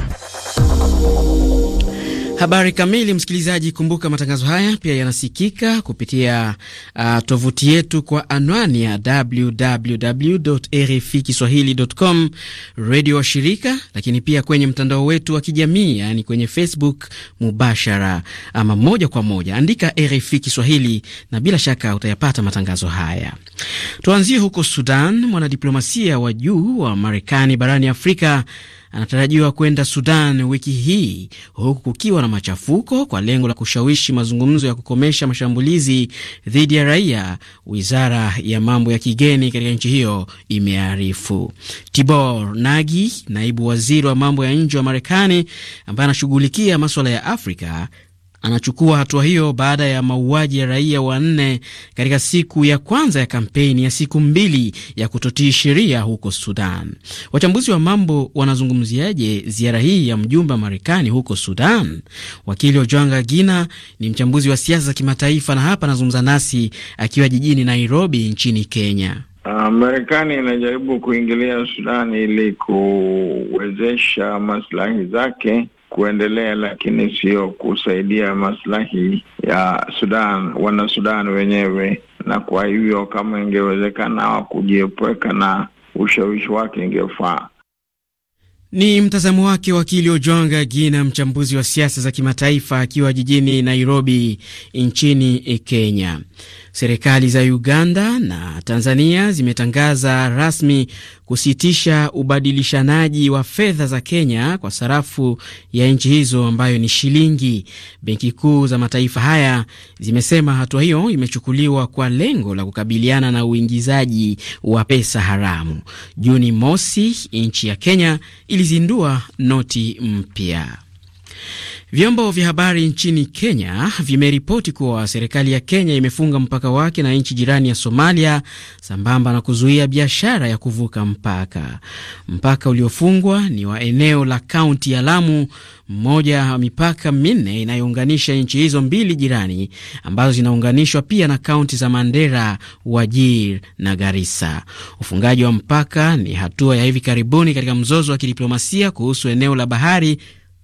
Habari kamili, msikilizaji, kumbuka matangazo haya pia yanasikika kupitia uh, tovuti yetu kwa anwani ya www RFI kiswahilicom, redio wa shirika, lakini pia kwenye mtandao wetu wa kijamii, yaani kwenye Facebook mubashara, ama moja kwa moja, andika RFI Kiswahili na bila shaka utayapata matangazo haya. Tuanzie huko Sudan. Mwanadiplomasia wa juu wa Marekani barani Afrika anatarajiwa kwenda Sudan wiki hii huku kukiwa na machafuko kwa lengo la kushawishi mazungumzo ya kukomesha mashambulizi dhidi ya raia, wizara ya mambo ya kigeni katika nchi hiyo imearifu. Tibor Nagi, naibu waziri wa mambo ya nje wa Marekani ambaye anashughulikia maswala ya Afrika, Anachukua hatua hiyo baada ya mauaji ya raia wanne katika siku ya kwanza ya kampeni ya siku mbili ya kutotii sheria huko Sudan. Wachambuzi wa mambo wanazungumziaje ziara hii ya mjumbe wa Marekani huko Sudan? Wakili Ojwanga Gina ni mchambuzi wa siasa za kimataifa na hapa anazungumza nasi akiwa jijini Nairobi nchini Kenya. Ah, Marekani inajaribu kuingilia Sudani ili kuwezesha maslahi zake kuendelea, lakini sio kusaidia maslahi ya Sudan, wana Sudan wenyewe. Na kwa hivyo kama ingewezekana kujiepweka na ushawishi wake ingefaa. Ni mtazamo wake wakili Ojwanga Gina, mchambuzi wa siasa za kimataifa, akiwa jijini Nairobi nchini Kenya. Serikali za Uganda na Tanzania zimetangaza rasmi kusitisha ubadilishanaji wa fedha za Kenya kwa sarafu ya nchi hizo ambayo ni shilingi. Benki kuu za mataifa haya zimesema hatua hiyo imechukuliwa kwa lengo la kukabiliana na uingizaji wa pesa haramu. Juni mosi, nchi ya Kenya ilizindua noti mpya. Vyombo vya habari nchini Kenya vimeripoti kuwa serikali ya Kenya imefunga mpaka wake na nchi jirani ya Somalia sambamba na kuzuia biashara ya kuvuka mpaka. Mpaka uliofungwa ni wa eneo la kaunti ya Lamu, mmoja wa mipaka minne inayounganisha nchi hizo mbili jirani ambazo zinaunganishwa pia na kaunti za Mandera, Wajir na Garissa. Ufungaji wa mpaka ni hatua ya hivi karibuni katika mzozo wa kidiplomasia kuhusu eneo la bahari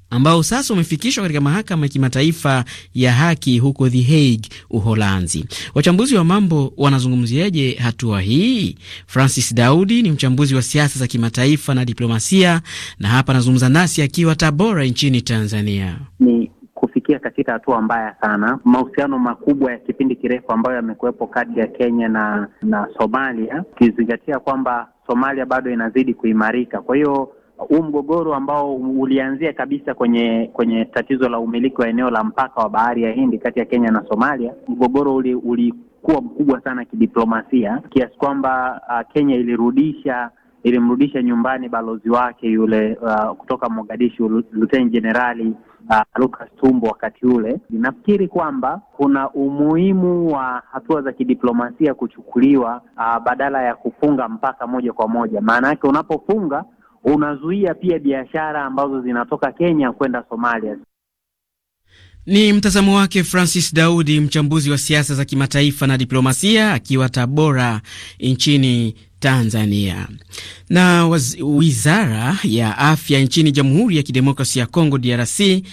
ambao sasa umefikishwa katika mahakama ya kimataifa ya haki huko The Hague, Uholanzi. Wachambuzi wa mambo wanazungumziaje hatua hii? Francis Daudi ni mchambuzi wa siasa za kimataifa na diplomasia, na hapa anazungumza nasi akiwa Tabora nchini Tanzania. ni kufikia katika hatua mbaya sana. Mahusiano makubwa ya kipindi kirefu ambayo yamekuwepo kati ya Kenya na na Somalia, ukizingatia kwamba Somalia bado inazidi kuimarika, kwa hiyo huu mgogoro ambao ulianzia kabisa kwenye kwenye tatizo la umiliki wa eneo la mpaka wa bahari ya Hindi kati ya Kenya na Somalia. Mgogoro uli, ulikuwa mkubwa sana kidiplomasia kiasi kwamba uh, Kenya ilirudisha ilimrudisha nyumbani balozi wake yule uh, kutoka Mogadishu, Luteni Jenerali uh, Lucas Tumbo wakati ule. Ninafikiri kwamba kuna umuhimu wa hatua za kidiplomasia kuchukuliwa uh, badala ya kufunga mpaka moja kwa moja. Maana yake unapofunga unazuia pia biashara ambazo zinatoka Kenya kwenda Somalia. Ni mtazamo wake Francis Daudi, mchambuzi wa siasa za kimataifa na diplomasia, akiwa Tabora nchini Tanzania. Na wizara ya afya nchini Jamhuri ya Kidemokrasia ya Kongo DRC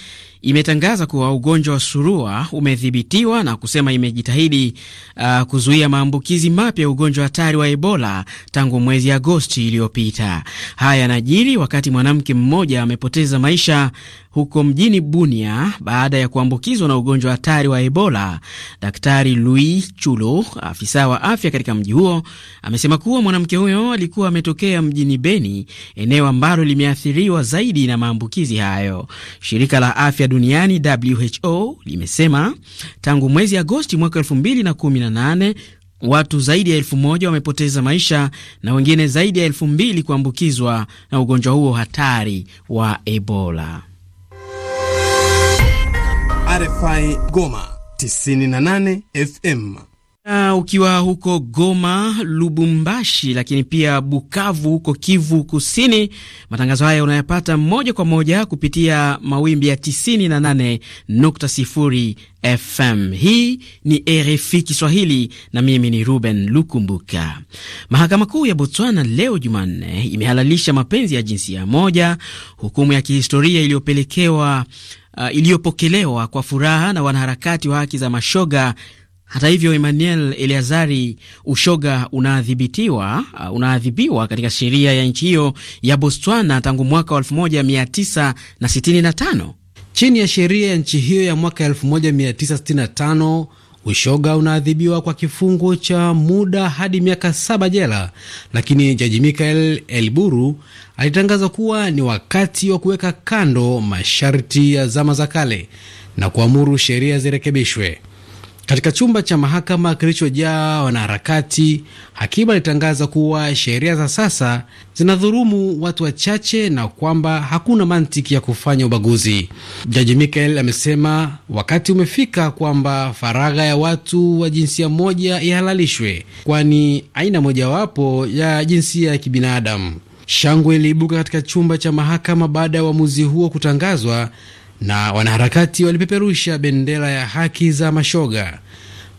imetangaza kuwa ugonjwa wa surua umedhibitiwa na kusema imejitahidi uh, kuzuia maambukizi mapya ya ugonjwa hatari wa Ebola tangu mwezi Agosti iliyopita. Haya yanajiri wakati mwanamke mmoja amepoteza maisha huko mjini Bunia baada ya kuambukizwa na ugonjwa hatari wa Ebola. Daktari Louis Chulo, afisa wa afya katika mji huo, amesema kuwa mwanamke huyo alikuwa ametokea mjini Beni, eneo ambalo limeathiriwa zaidi na maambukizi hayo. Shirika la afya duniani WHO limesema tangu mwezi Agosti mwaka 2018 watu zaidi ya elfu moja wamepoteza maisha na wengine zaidi ya elfu mbili kuambukizwa na ugonjwa huo hatari wa Ebola. RFI Goma 98 FM. Na ukiwa huko Goma, Lubumbashi, lakini pia Bukavu huko Kivu Kusini, matangazo haya unayapata moja kwa moja kupitia mawimbi ya 98.0 FM. Hii ni RFI Kiswahili na mimi ni Ruben Lukumbuka. Mahakama Kuu ya Botswana leo Jumanne imehalalisha mapenzi ya jinsia moja, hukumu ya kihistoria iliyopelekewa uh, iliyopokelewa kwa furaha na wanaharakati wa haki za mashoga. Hata hivyo, Emmanuel Eleazari, ushoga unaadhibiwa uh, unaadhibiwa katika sheria ya nchi hiyo ya Botswana tangu mwaka wa 1965 chini ya sheria ya nchi hiyo ya mwaka 1965 Ushoga unaadhibiwa kwa kifungo cha muda hadi miaka saba jela, lakini jaji Michael Elburu alitangaza kuwa ni wakati wa kuweka kando masharti ya zama za kale na kuamuru sheria zirekebishwe. Katika chumba cha mahakama kilichojaa wanaharakati, hakimu alitangaza kuwa sheria za sasa zinadhurumu watu wachache na kwamba hakuna mantiki ya kufanya ubaguzi. Jaji Michael amesema wakati umefika kwamba faragha ya watu wa jinsia moja ihalalishwe, kwani aina mojawapo ya jinsia ya kibinadamu. Shangwe iliibuka katika chumba cha mahakama baada ya uamuzi huo kutangazwa, na wanaharakati walipeperusha bendera ya haki za mashoga.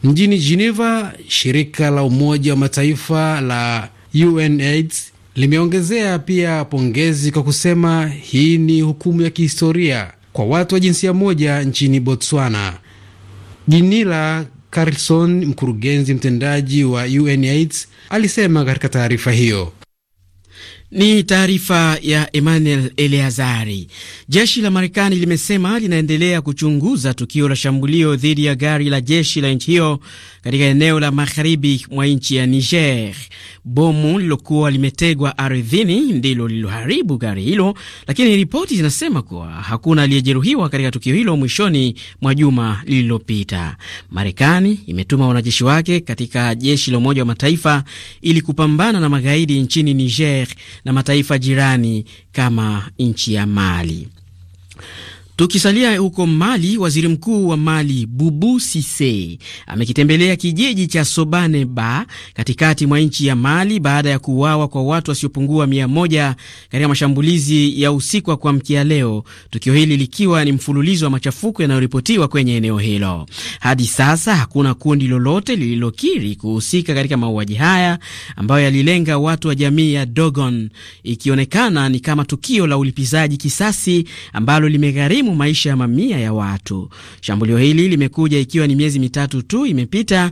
Mjini Geneva, shirika la Umoja wa Mataifa la UNAIDS limeongezea pia pongezi kwa kusema hii ni hukumu ya kihistoria kwa watu wa jinsia moja nchini Botswana. Ginila Carlson, mkurugenzi mtendaji wa UNAIDS, alisema katika taarifa hiyo. Ni taarifa ya Emmanuel Eleazari. Jeshi la Marekani limesema linaendelea kuchunguza tukio la shambulio dhidi ya gari la jeshi la nchi hiyo katika eneo la magharibi mwa nchi ya Niger. Bomu lilokuwa limetegwa ardhini ndilo lililoharibu gari hilo, lakini ripoti zinasema kuwa hakuna aliyejeruhiwa katika tukio hilo mwishoni mwa juma lililopita. Marekani imetuma wanajeshi wake katika jeshi la Umoja wa Mataifa ili kupambana na magaidi nchini Niger na mataifa jirani kama nchi ya Mali. Tukisalia huko Mali, waziri mkuu wa Mali Bubu Sise amekitembelea kijiji cha Sobaneba katikati mwa nchi ya Mali baada ya kuuawa kwa watu wasiopungua mia moja katika mashambulizi ya usiku wa kuamkia leo, tukio hili likiwa ni mfululizo wa machafuko yanayoripotiwa kwenye eneo hilo. Hadi sasa hakuna kundi lolote lililokiri kuhusika katika mauaji haya ambayo yalilenga watu wa jamii ya Dogon, ikionekana ni kama tukio la ulipizaji kisasi ambalo limegharimu kugharimu maisha ya mamia ya watu. Shambulio hili limekuja ikiwa ni miezi mitatu tu imepita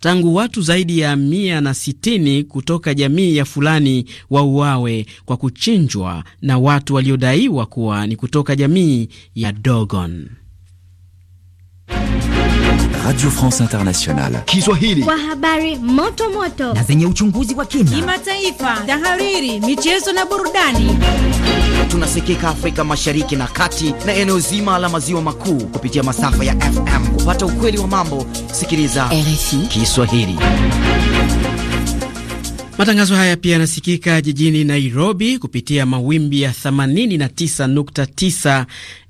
tangu watu zaidi ya mia na sitini kutoka jamii ya Fulani wauawe kwa kuchinjwa na watu waliodaiwa kuwa ni kutoka jamii ya Dogon. Radio France Internationale. Kiswahili. Kwa habari moto moto na zenye uchunguzi wa kina, kimataifa, tahariri, michezo na burudani. Tunasikika Afrika Mashariki na Kati na eneo zima la maziwa makuu kupitia masafa ya FM. Kupata ukweli wa mambo, sikiliza RFI Kiswahili. Matangazo haya pia yanasikika jijini Nairobi kupitia mawimbi ya 89.9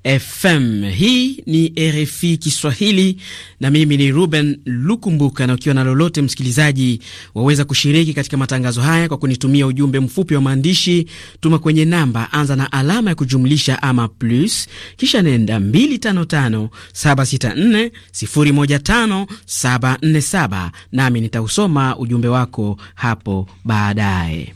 FM. Hii ni RFI Kiswahili na mimi ni Ruben Lukumbuka, na ukiwa na lolote msikilizaji, waweza kushiriki katika matangazo haya kwa kunitumia ujumbe mfupi wa maandishi. Tuma kwenye namba, anza na alama ya kujumlisha ama plus, kisha nenda 255 nami nitausoma ujumbe wako hapo baadaye.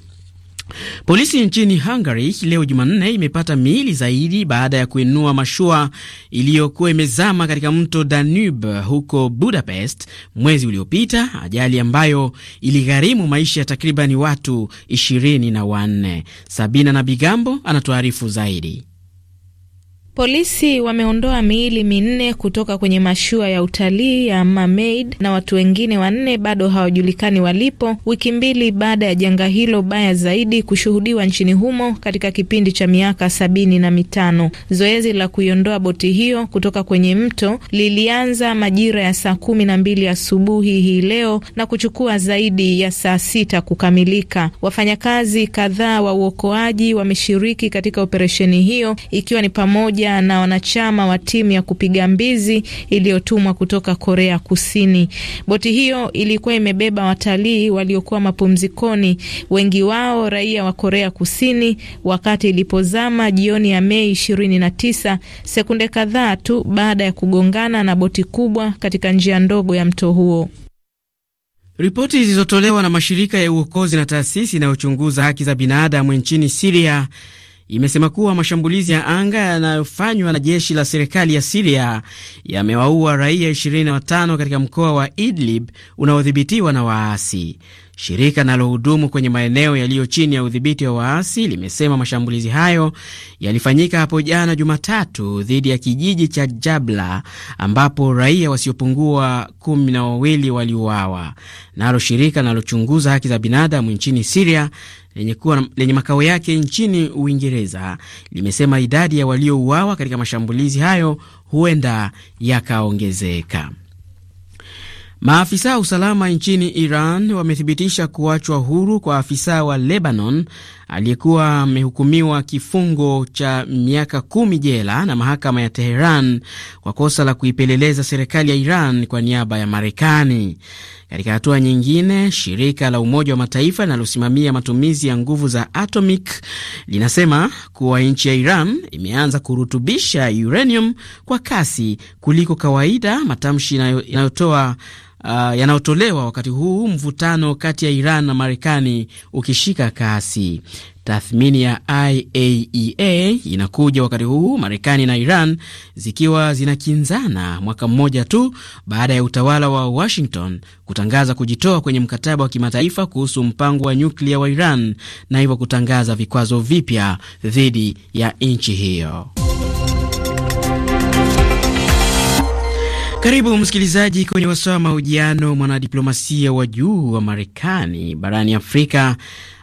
Polisi nchini Hungary leo Jumanne imepata miili zaidi baada ya kuinua mashua iliyokuwa imezama katika mto Danube huko Budapest mwezi uliopita, ajali ambayo iligharimu maisha ya takribani watu ishirini na wanne. Sabina na Bigambo anatuarifu zaidi. Polisi wameondoa miili minne kutoka kwenye mashua ya utalii ya Mermaid na watu wengine wanne bado hawajulikani walipo, wiki mbili baada ya janga hilo baya zaidi kushuhudiwa nchini humo katika kipindi cha miaka sabini na mitano. Zoezi la kuiondoa boti hiyo kutoka kwenye mto lilianza majira ya saa kumi na mbili asubuhi hii leo na kuchukua zaidi ya saa sita kukamilika. Wafanyakazi kadhaa wa uokoaji wameshiriki katika operesheni hiyo ikiwa ni pamoja pamoja na wanachama wa timu ya kupiga mbizi iliyotumwa kutoka Korea Kusini. Boti hiyo ilikuwa imebeba watalii waliokuwa mapumzikoni, wengi wao raia wa Korea Kusini, wakati ilipozama jioni ya Mei 29 sekunde kadhaa tu baada ya kugongana na boti kubwa katika njia ndogo ya mto huo. Ripoti zilizotolewa na mashirika ya uokozi na taasisi inayochunguza haki za binadamu nchini Siria imesema kuwa mashambulizi ya anga yanayofanywa na jeshi la serikali ya Siria yamewaua raia 25 katika mkoa wa Idlib unaodhibitiwa na waasi. Shirika linalohudumu kwenye maeneo yaliyo chini ya udhibiti wa waasi limesema mashambulizi hayo yalifanyika hapo jana Jumatatu dhidi ya kijiji cha Jabla ambapo raia wasiopungua kumi na wawili waliuawa. Nalo shirika linalochunguza haki za binadamu nchini Siria lenye kuwa lenye makao yake nchini Uingereza limesema idadi ya waliouawa katika mashambulizi hayo huenda yakaongezeka. Maafisa wa usalama nchini Iran wamethibitisha kuachwa huru kwa afisa wa Lebanon aliyekuwa amehukumiwa kifungo cha miaka kumi jela na mahakama ya Teheran kwa kosa la kuipeleleza serikali ya Iran kwa niaba ya Marekani. Katika hatua nyingine, shirika la Umoja wa Mataifa linalosimamia matumizi ya nguvu za atomic linasema kuwa nchi ya Iran imeanza kurutubisha uranium kwa kasi kuliko kawaida, matamshi inayotoa Uh, yanayotolewa wakati huu mvutano kati ya Iran na Marekani ukishika kasi. Tathmini ya IAEA e inakuja wakati huu Marekani na Iran zikiwa zinakinzana mwaka mmoja tu baada ya utawala wa Washington kutangaza kujitoa kwenye mkataba wa kimataifa kuhusu mpango wa nyuklia wa Iran na hivyo kutangaza vikwazo vipya dhidi ya nchi hiyo. Karibu msikilizaji kwenye wasaa wa mahojiano. Mwanadiplomasia wa juu wa Marekani barani Afrika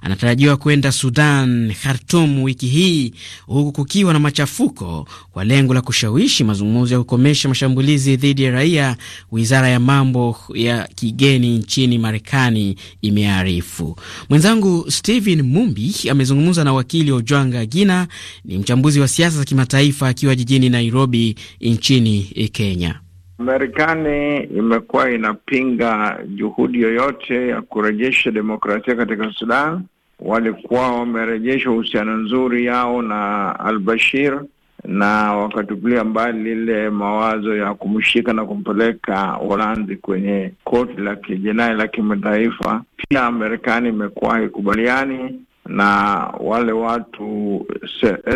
anatarajiwa kwenda Sudan, Khartum, wiki hii huku kukiwa na machafuko, kwa lengo la kushawishi mazungumzo ya kukomesha mashambulizi dhidi ya raia, wizara ya mambo ya kigeni nchini Marekani imearifu. Mwenzangu Stephen Mumbi amezungumza na wakili Ojwanga Gina, ni mchambuzi wa siasa za kimataifa akiwa jijini Nairobi nchini Kenya. Marekani imekuwa inapinga juhudi yoyote ya kurejesha demokrasia katika Sudan. Walikuwa wamerejesha uhusiano nzuri yao na al-Bashir na wakatupilia mbali lile mawazo ya kumshika na kumpeleka Holanzi kwenye koti la kijinai la kimataifa. Pia Marekani imekuwa haikubaliani na wale watu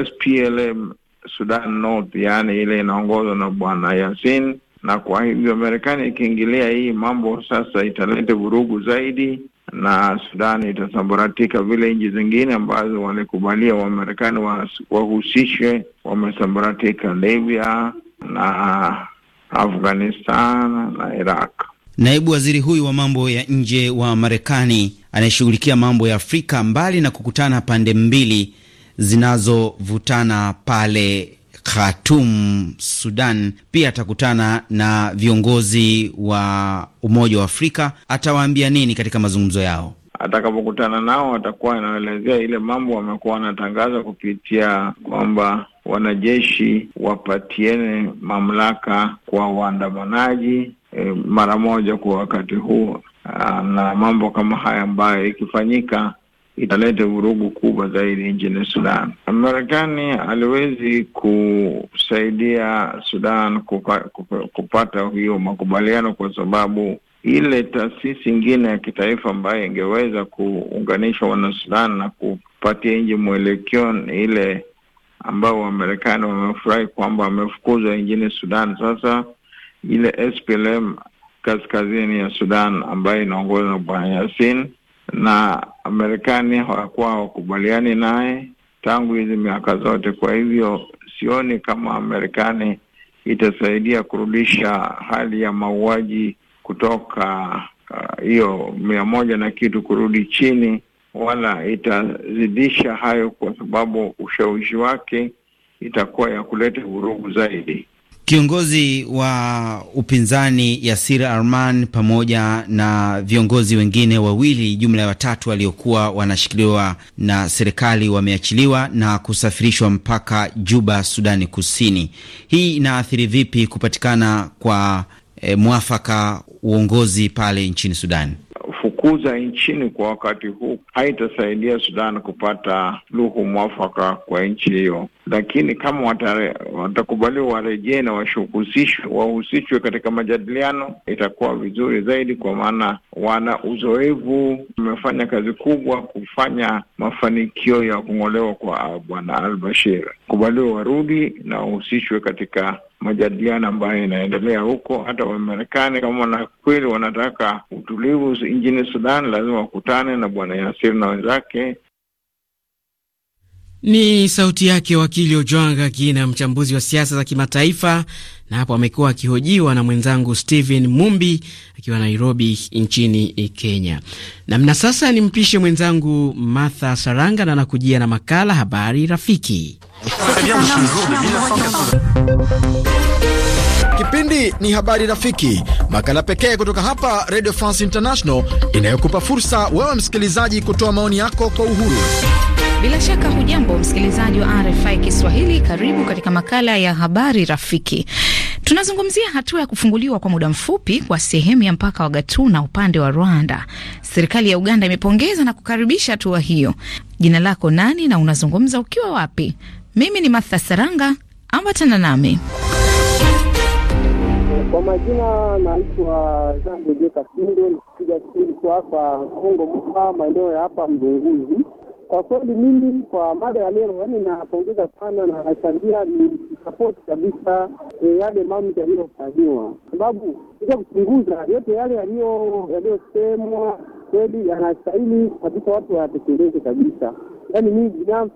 SPLM Sudan North, yaani ile inaongozwa na Bwana Yasin na kwa hivyo Marekani ikiingilia hii mambo sasa italeta vurugu zaidi, na Sudani itasambaratika vile nchi zingine ambazo walikubalia Wamarekani wahusishwe wamesambaratika, Libya na Afghanistan na Iraq. Naibu waziri huyu wa mambo ya nje wa Marekani anayeshughulikia mambo ya Afrika, mbali na kukutana pande mbili zinazovutana pale Khartoum, Sudan. Pia atakutana na viongozi wa Umoja wa Afrika. Atawaambia nini katika mazungumzo yao? Atakapokutana nao atakuwa anaelezea ile mambo wamekuwa wanatangaza kupitia kwamba wanajeshi wapatiene mamlaka kwa waandamanaji e, mara moja kwa wakati huu ah, na mambo kama haya ambayo ikifanyika italeta vurugu kubwa zaidi nchini Sudan. Marekani aliwezi kusaidia Sudan kupa, kupa, kupata hiyo makubaliano kwa sababu ile taasisi ingine ya kitaifa ambayo ingeweza kuunganisha Wanasudan na kupatia nchi mwelekeo ile ambao Wamarekani wamefurahi kwamba wamefukuzwa nchini Sudan. Sasa ile SPLM kaskazini ya Sudan ambayo inaongozwa na Bwana Yasin na Marekani hawakuwa wakubaliani naye tangu hizi miaka zote. Kwa hivyo sioni kama Marekani itasaidia kurudisha hali ya mauaji kutoka uh, hiyo uh, mia moja na kitu kurudi chini, wala itazidisha hayo, kwa sababu ushawishi wake itakuwa ya kuleta vurugu zaidi. Kiongozi wa upinzani Yasir Arman pamoja na viongozi wengine wawili, jumla ya watatu, waliokuwa wanashikiliwa na serikali wameachiliwa na kusafirishwa mpaka Juba, Sudani Kusini. Hii inaathiri vipi kupatikana kwa e, mwafaka uongozi pale nchini Sudani? kukuza nchini kwa wakati huu haitasaidia Sudan kupata suluhu mwafaka kwa nchi hiyo, lakini kama watakubaliwa warejee na wahusishwe katika majadiliano itakuwa vizuri zaidi, kwa maana wana uzoefu, wamefanya kazi kubwa kufanya mafanikio ya kung'olewa kwa bwana al Bashir. Kubaliwa warudi na wahusishwe katika majadiliano ambayo inaendelea huko. Hata Wamarekani kama wanakweli kweli wanataka utulivu nchini Sudan, lazima wakutane na Bwana Yasir na wenzake. Ni sauti yake wakili Ojwanga kina mchambuzi wa siasa za kimataifa, na hapo amekuwa akihojiwa na mwenzangu Stephen Mumbi akiwa Nairobi nchini Kenya. Namna sasa nimpishe mwenzangu Martha Saranga na nakujia na makala Habari Rafiki. Kipindi ni habari rafiki, makala pekee kutoka hapa Radio France International inayokupa fursa wewe msikilizaji kutoa maoni yako kwa uhuru. Bila shaka hujambo msikilizaji wa RFI Kiswahili, karibu katika makala ya habari rafiki. Tunazungumzia hatua ya kufunguliwa kwa muda mfupi kwa sehemu ya mpaka wa Gatuna upande wa Rwanda. Serikali ya Uganda imepongeza na kukaribisha hatua hiyo. Jina lako nani na unazungumza ukiwa wapi? Mimi ni Martha Saranga, ambatana nami kwa majina. Naitwa Zangu Jeka Sindo, nikipiga kipindi kwa hapa Kongo Mba, maeneo ya hapa Mzunguzi. Kwa kweli mimi kwa mada ya leo, yani napongeza sana na nachangia ni sapoti kabisa e, yale mambo yaliyofanyiwa, sababu ia kuchunguza yote yale yaliyosemwa, kweli yanastahili kabisa watu wayatekeleze kabisa yaani mimi binafsi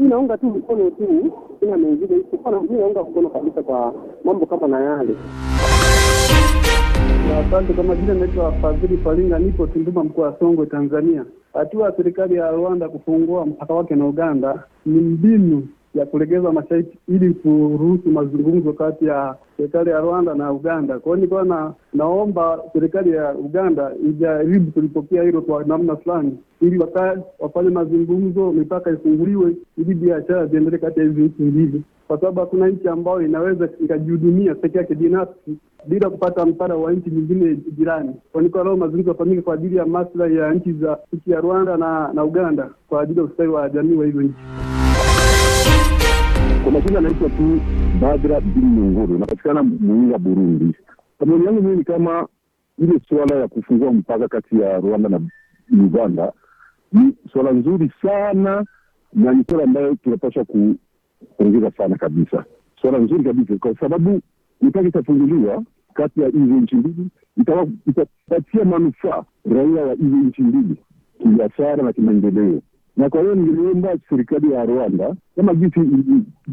inaunga tu mkono tu, ina mengine isipokuwa mimi naunga mkono kabisa kwa mambo kama na yale. Asante. Kwa majina naitwa Fadhili faringa nipo Tunduma, mkoa wa Songwe, Tanzania. Hatua ya serikali ya Rwanda kufungua mpaka wake na Uganda ni mbinu ya kulegeza masharti ili kuruhusu mazungumzo kati ya serikali ya Rwanda na Uganda. Kwa hiyo nilikuwa na, naomba serikali ya Uganda ijaribu kulipokea hilo kwa namna fulani, ili wafanye mazungumzo, mipaka ifunguliwe, ili biashara ziendelee kati ya hizi nchi mbili, kwa sababu hakuna nchi ambayo inaweza ikajihudumia peke yake binafsi bila kupata msaada wa nchi nyingine jirani. Kwanikolao mazungumzo yafanyike kwa ajili ya maslahi ya nchi za nchi ya Rwanda na, na Uganda kwa ajili ya ustawi wa jamii wa hizo nchi. Kwa majina anaitwa tu Badra bin Nyongoro, napatikana Muinga, Burundi. Kwa maoni yangu mimi ni kama ile suala ya kufungua mpaka kati ya Rwanda na Uganda ni suala nzuri sana na ni suala ambayo tunapaswa kuongeza sana kabisa, suala nzuri kabisa, kwa sababu mipaka itafunguliwa kati ya hizo nchi mbili, itapatia manufaa raia wa hizo nchi mbili kibiashara na kimaendeleo na kwa hiyo niliomba serikali ya Rwanda kama jinsi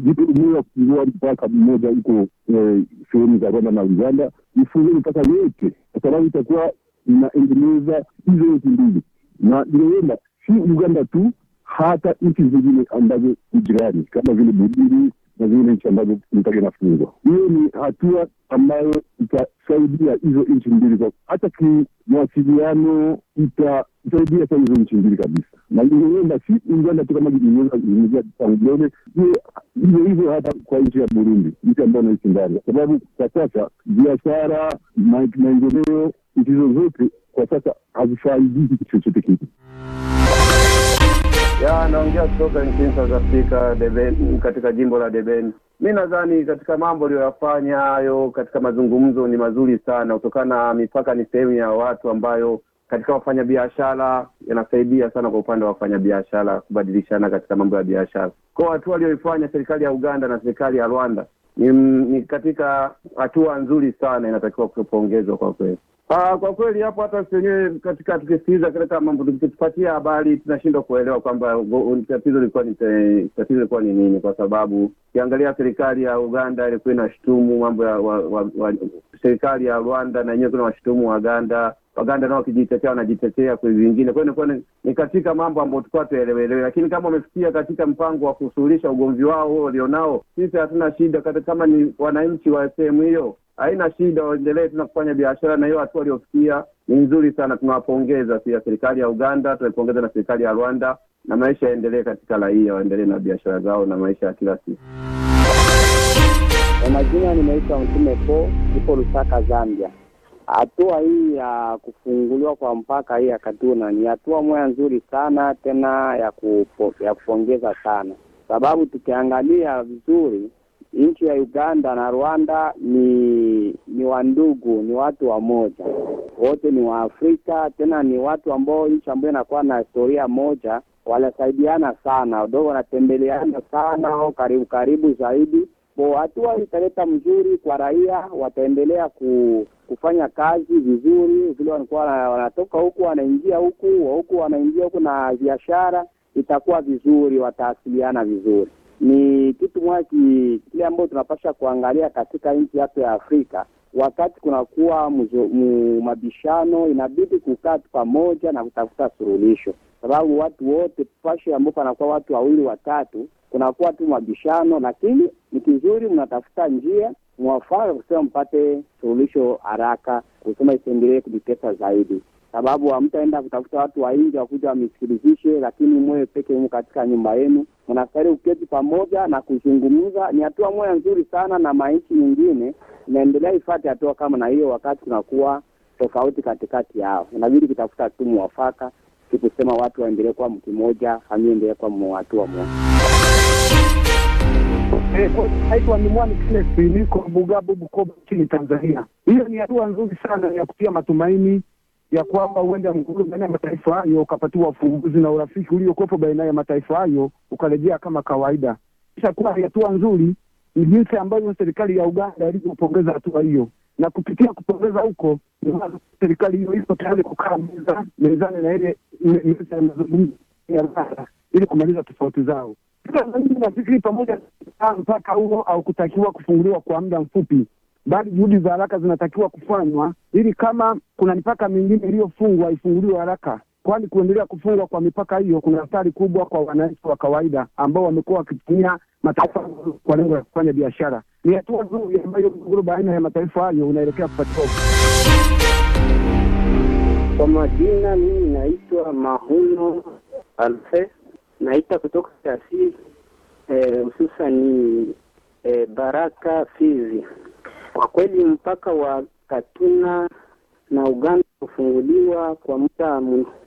ilitumiwa kufungua mpaka mmoja huko eh, sehemu za Rwanda na Uganda, ifungue mpaka yote, kwa sababu itakuwa inaendeleza hizo nchi mbili, na niliomba si Uganda tu, hata nchi zingine ambazo jirani kama vile Burundi na zingine nchi ambazo mtake nafungwa. Hiyo ni hatua ambayo itasaidia hizo nchi mbili, hata kimawasiliano itasaidia sana hizo nchi mbili kabisa na si Uganda toka maji imeingia tangu jioni hivyo hivyo, hata kwa nchi ya Burundi, nchi ambayo naishi ndani, kwa sababu kwa sasa biashara, maendeleo, nchi zozote kwa sasa hazifaidiki kitu chochote kile. Ya, naongea kutoka nchini South Africa Durban, katika jimbo la Durban. Mi nadhani katika mambo aliyoyafanya hayo katika mazungumzo ni mazuri sana, kutokana na mipaka ni sehemu ya watu ambayo katika wafanyabiashara yanasaidia sana kwa upande wa wafanyabiashara kubadilishana katika mambo ya biashara. ko hatua aliyoifanya serikali ya Uganda na serikali ya Rwanda ni, ni katika hatua nzuri sana, inatakiwa kupongezwa kwa kweli. Aa, ah, kwa kweli hapo hata sisi wenyewe katika tukisikiliza katika mambo tukipatia habari tunashindwa kuelewa kwamba tatizo lilikuwa ni tatizo lilikuwa ni nini, kwa sababu ukiangalia serikali ya Uganda ilikuwa inashutumu mambo ya wa, wa, wa, serikali ya Rwanda na yenyewe kuna washutumu Waganda Waganda nao wakijitetea wanajitetea kwa vingine. Kwa hiyo ni, ni katika mambo ambayo tulikuwa tuelewelewe, lakini kama wamefikia katika mpango wa kusuluhisha ugomvi wao huo walionao, sisi hatuna shida kama ni wananchi wa sehemu hiyo haina shida, waendelee tena kufanya biashara, na hiyo hatua waliofikia ni nzuri sana. Tunawapongeza pia serikali ya Uganda, tunaipongeza na serikali ya Rwanda, na maisha yaendelee katika raia, waendelee na biashara zao na maisha ya kila siku. Kwa majina nimeita Mtume Po, ipo Lusaka, Zambia. Hatua hii ya kufunguliwa kwa mpaka hii ya Katuna ni hatua moya nzuri sana tena ya, kupo, ya kupongeza sana, sababu tukiangalia vizuri nchi ya Uganda na Rwanda ni ni wandugu, ni watu wamoja, wote ni Waafrika, tena ni watu ambao, nchi ambayo inakuwa na historia moja, wanasaidiana sana, wadogo wanatembeleana sana, au karibu karibu zaidi. Bo, hatua italeta mzuri kwa raia, wataendelea ku, kufanya kazi vizuri vile walikuwa wanatoka huku wanaingia huku, huku wanaingia huku, na biashara itakuwa vizuri, wataasiliana vizuri ni kitu moja kile ambayo tunapasha kuangalia katika nchi yetu ya Afrika. Wakati kunakuwa mabishano, inabidi kukaa pamoja na kutafuta suluhisho, sababu watu wote pashe ambao panakuwa watu wawili watatu, kunakuwa tu mabishano, lakini ni kizuri mnatafuta njia mwafaka kusema mpate suluhisho haraka, kusema isiendelee kujitesa zaidi sababu hamtaenda kutafuta watu wainji wakuja wamisikilizishe, lakini mwewe peke humu katika nyumba yenu mnastahili kuketi pamoja na kuzungumza. Ni hatua moja nzuri sana, na manchi nyingine inaendelea ifate hatua kama na hiyo, wakati kunakuwa tofauti katikati yao, inabidi kutafuta tu mwafaka, sikusema watu waendelee kuwa mtu mmoja, amiendelee kuwa hatua moja. Eh, naitwa ni Mwani niko Bugabu, Bukoba nchini Tanzania. Hiyo ni hatua nzuri sana ya kutia matumaini ya kwamba uende mgogoro baina ya mataifa hayo ukapatiwa ufumbuzi na urafiki uliokuwepo baina ya mataifa hayo ukarejea kama kawaida. Kisha kuwa hatua nzuri ni jinsi ambavyo serikali ya Uganda ilivyopongeza hatua hiyo, na kupitia kupongeza huko serikali hiyo ipo tayari kukaa meza mezani na ile meza ya mazungumzo ya Rwanda ili kumaliza tofauti zao. Nafikiri pamoja mpaka huo au kutakiwa kufunguliwa kwa muda mfupi bali juhudi za haraka zinatakiwa kufanywa ili kama kuna mipaka mingine iliyofungwa ifunguliwe haraka, kwani kuendelea kufungwa kwa mipaka hiyo kuna hatari kubwa kwa wananchi wa kawaida ambao wamekuwa wakitumia mataifa kwa lengo la kufanya biashara. Ni hatua nzuri ambayo mgogoro baina ya mataifa hayo unaelekea kupatiwa. Kwa majina, mimi naitwa Mahuno Alfe, naita kutoka Kasii hususani eh, eh, Baraka Fizi. Kwa kweli mpaka wa Katuna na Uganda kufunguliwa kwa muda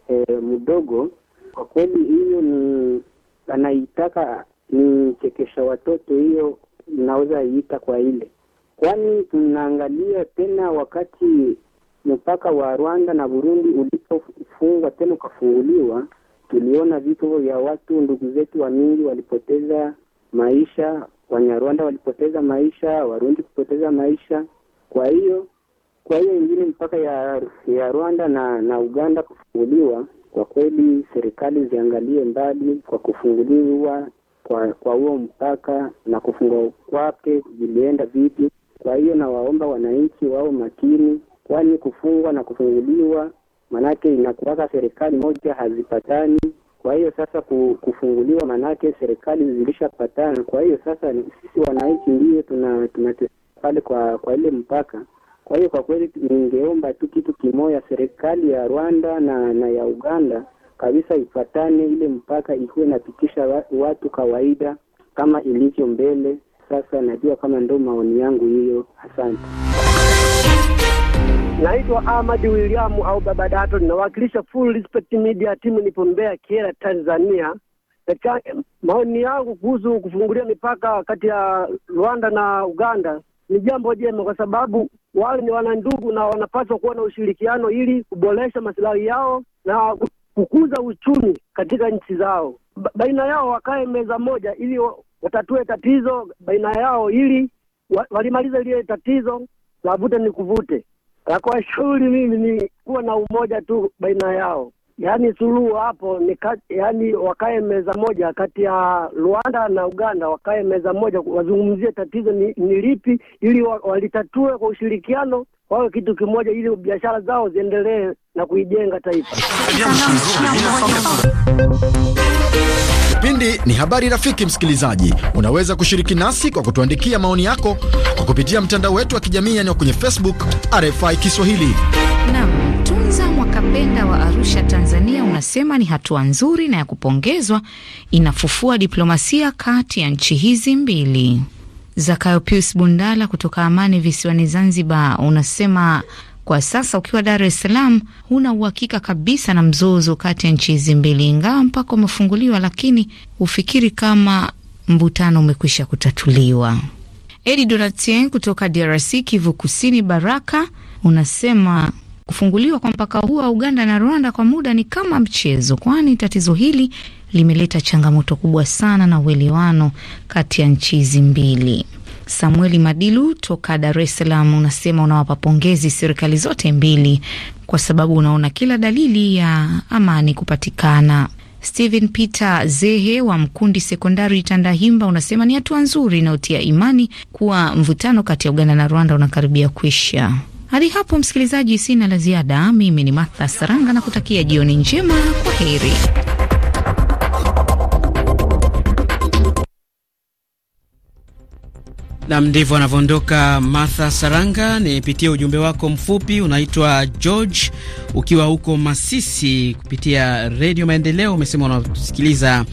e, mdogo, kwa kweli hiyo ni anaitaka ni chekesha watoto, hiyo naweza iita kwa ile, kwani tunaangalia tena wakati mpaka wa Rwanda na Burundi ulipofungwa tena ukafunguliwa, tuliona vifo vya watu ndugu zetu wa mingi walipoteza maisha Wanyarwanda walipoteza maisha, Warundi kupoteza maisha. Kwa hiyo kwa hiyo ingine mpaka ya ya Rwanda na na Uganda kufunguliwa, kwa kweli serikali ziangalie mbali kwa kufunguliwa kwa kwa huo mpaka na kufungwa kwake vilienda vipi. Kwa hiyo nawaomba wananchi wao makini, kwani kufungwa na kufunguliwa manake inakuwaka serikali moja hazipatani. Kwa hiyo sasa kufunguliwa, maanake serikali zilishapatana. Kwa hiyo sasa sisi wananchi ndio tuna pale kwa kwa ile mpaka. Kwa hiyo kwa kweli ningeomba tu kitu kimoya serikali ya Rwanda na na ya Uganda kabisa ifatane, ile mpaka ikuwe inapitisha watu kawaida kama ilivyo mbele sasa. Najua kama ndo maoni yangu hiyo, asante. Naitwa Ahmad William au Baba Dato, ninawakilisha Full Respect Media, timu nipo Mbeya Kiera, Tanzania. Katika maoni yangu kuhusu kufungulia mipaka kati ya Rwanda na Uganda ni jambo jema, kwa sababu wale ni wanandugu na wanapaswa kuwa na ushirikiano ili kuboresha masilahi yao na kukuza uchumi katika nchi zao. Baina yao wakae meza moja ili watatue tatizo baina yao, ili walimaliza lile tatizo la vute ni kuvute. Kwa shughuli mimi ni kuwa na umoja tu baina yao, yaani suluhu hapo ni yaani, wakae meza moja kati ya Rwanda na Uganda, wakae meza moja, wazungumzie tatizo ni, ni lipi, ili walitatue kwa ushirikiano, wawe kitu kimoja, ili biashara zao ziendelee na kuijenga taifa Kipindi ni habari rafiki. Msikilizaji, unaweza kushiriki nasi kwa kutuandikia maoni yako kwa kupitia mtandao wetu wa kijamii yaani kwenye Facebook RFI Kiswahili. nam Tunza Mwakapenda wa Arusha, Tanzania, unasema ni hatua nzuri na ya kupongezwa, inafufua diplomasia kati ya nchi hizi mbili. Zakayo Pius Bundala kutoka Amani visiwani Zanzibar unasema kwa sasa ukiwa Dar es Salaam huna uhakika kabisa na mzozo kati ya nchi hizi mbili, ingawa mpaka umefunguliwa, lakini hufikiri kama mvutano umekwisha kutatuliwa. Edi Donatien kutoka DRC, Kivu Kusini, Baraka, unasema kufunguliwa kwa mpaka huu wa Uganda na Rwanda kwa muda ni kama mchezo, kwani tatizo hili limeleta changamoto kubwa sana na uelewano kati ya nchi hizi mbili. Samueli Madilu toka Dar es Salaam unasema unawapa pongezi serikali zote mbili kwa sababu unaona kila dalili ya amani kupatikana. Stephen Peter Zehe wa Mkundi Sekondari Tandahimba unasema ni hatua nzuri inayotia imani kuwa mvutano kati ya Uganda na Rwanda unakaribia kuisha. Hadi hapo msikilizaji, sina la ziada. Mimi ni Martha Saranga na kutakia jioni njema. Kwa heri. Nam, ndivyo anavyoondoka Martha Saranga. Nipitie ujumbe wako mfupi, unaitwa George ukiwa huko Masisi kupitia Redio Maendeleo umesema unasikiliza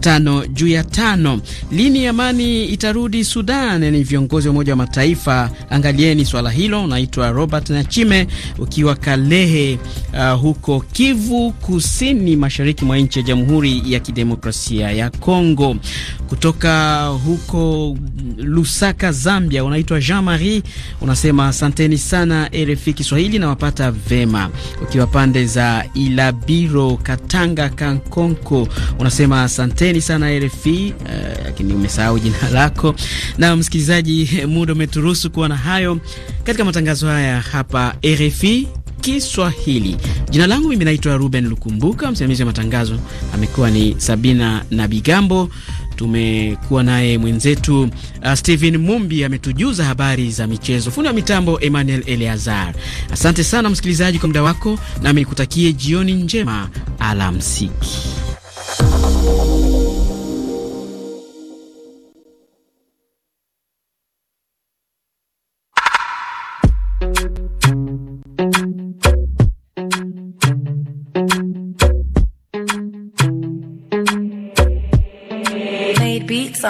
tano juu ya tano. Lini amani itarudi Sudan? Ni viongozi wa Umoja wa Mataifa, angalieni swala hilo. Unaitwa Robert Nachime ukiwa Kalehe, uh, huko Kivu Kusini, mashariki mwa nchi ya Jamhuri ya Kidemokrasia ya Kongo. Kutoka huko Lusaka, Zambia, unaitwa Jean Marie, unasema asanteni sana RFI Kiswahili, nawapata vema ukiwa pande za Ilabiro, Katanga, Kankonko. Unasema asanteni sana RFI, eh, lakini umesahau jina <laughs> lako. Na msikilizaji, <laughs> muda umeturuhusu kuwa na hayo katika matangazo haya hapa RFI Kiswahili. Jina langu mimi naitwa Ruben Lukumbuka, msimamizi wa matangazo amekuwa ni Sabina na Bigambo. Tumekuwa naye mwenzetu uh, Steven Mumbi ametujuza habari za michezo, fundi wa mitambo Emmanuel Eleazar. Asante sana msikilizaji kwa muda wako, nami nikutakie jioni njema, alamsiki.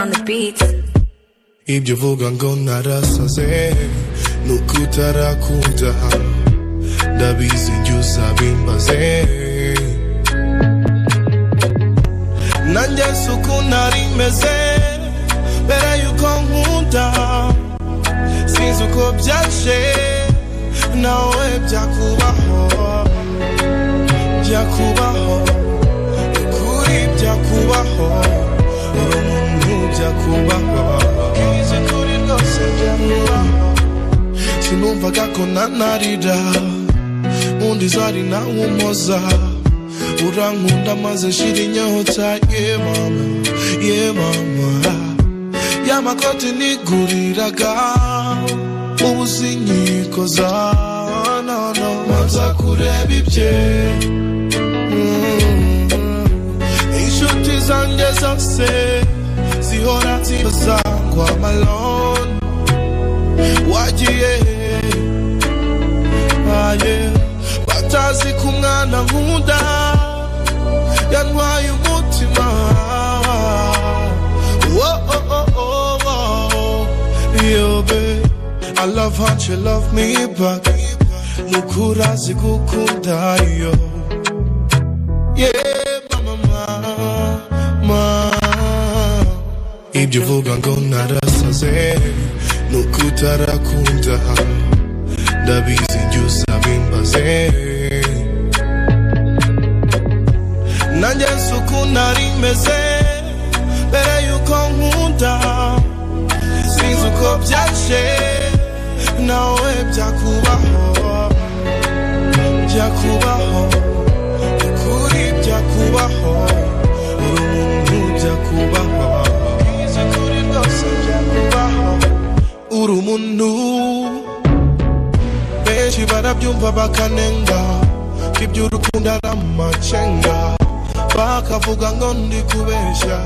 on the beat. Ibjovugangon arasase nukutarakuntaha dabizinjuzabimbaze nanje sukunarimeze mbere yuko nkunda sinzi uko byaje nawe byakubaho byakubaho kuri byakubaho uri umuntu bya kubaho izi kuri rwose bya kubaho sinumvaga ko nanarira undi zari nawe umoza urankunda maze shira inyota ye mama ye mama y'amakoti niguriraga ubu sinyikoza nono maza kureba ibye inshuti zanjye zose Niko na tiba zangu, I'm alone. Wagiye, aye, batazi kumwana nkunda, yantwaye umutima. Oh, oh, oh, oh, oh. Yo, I love how you love me back. Mukura zikukunda yo ibyivuga ngo narasaze ni ukutarakunda hano ndabizi njye usaba imbaze nanjye nsuku nari meze mbere yuko nkunda sinzi uko byaje nawe byakubaho byakubaho ukuri byakubaho uri umuntu byakubaho kuru mundu Beshiva ndabyumva bakanenga Iby'urukundo ari amacyenga Bakavuga ngo ndi kubeshya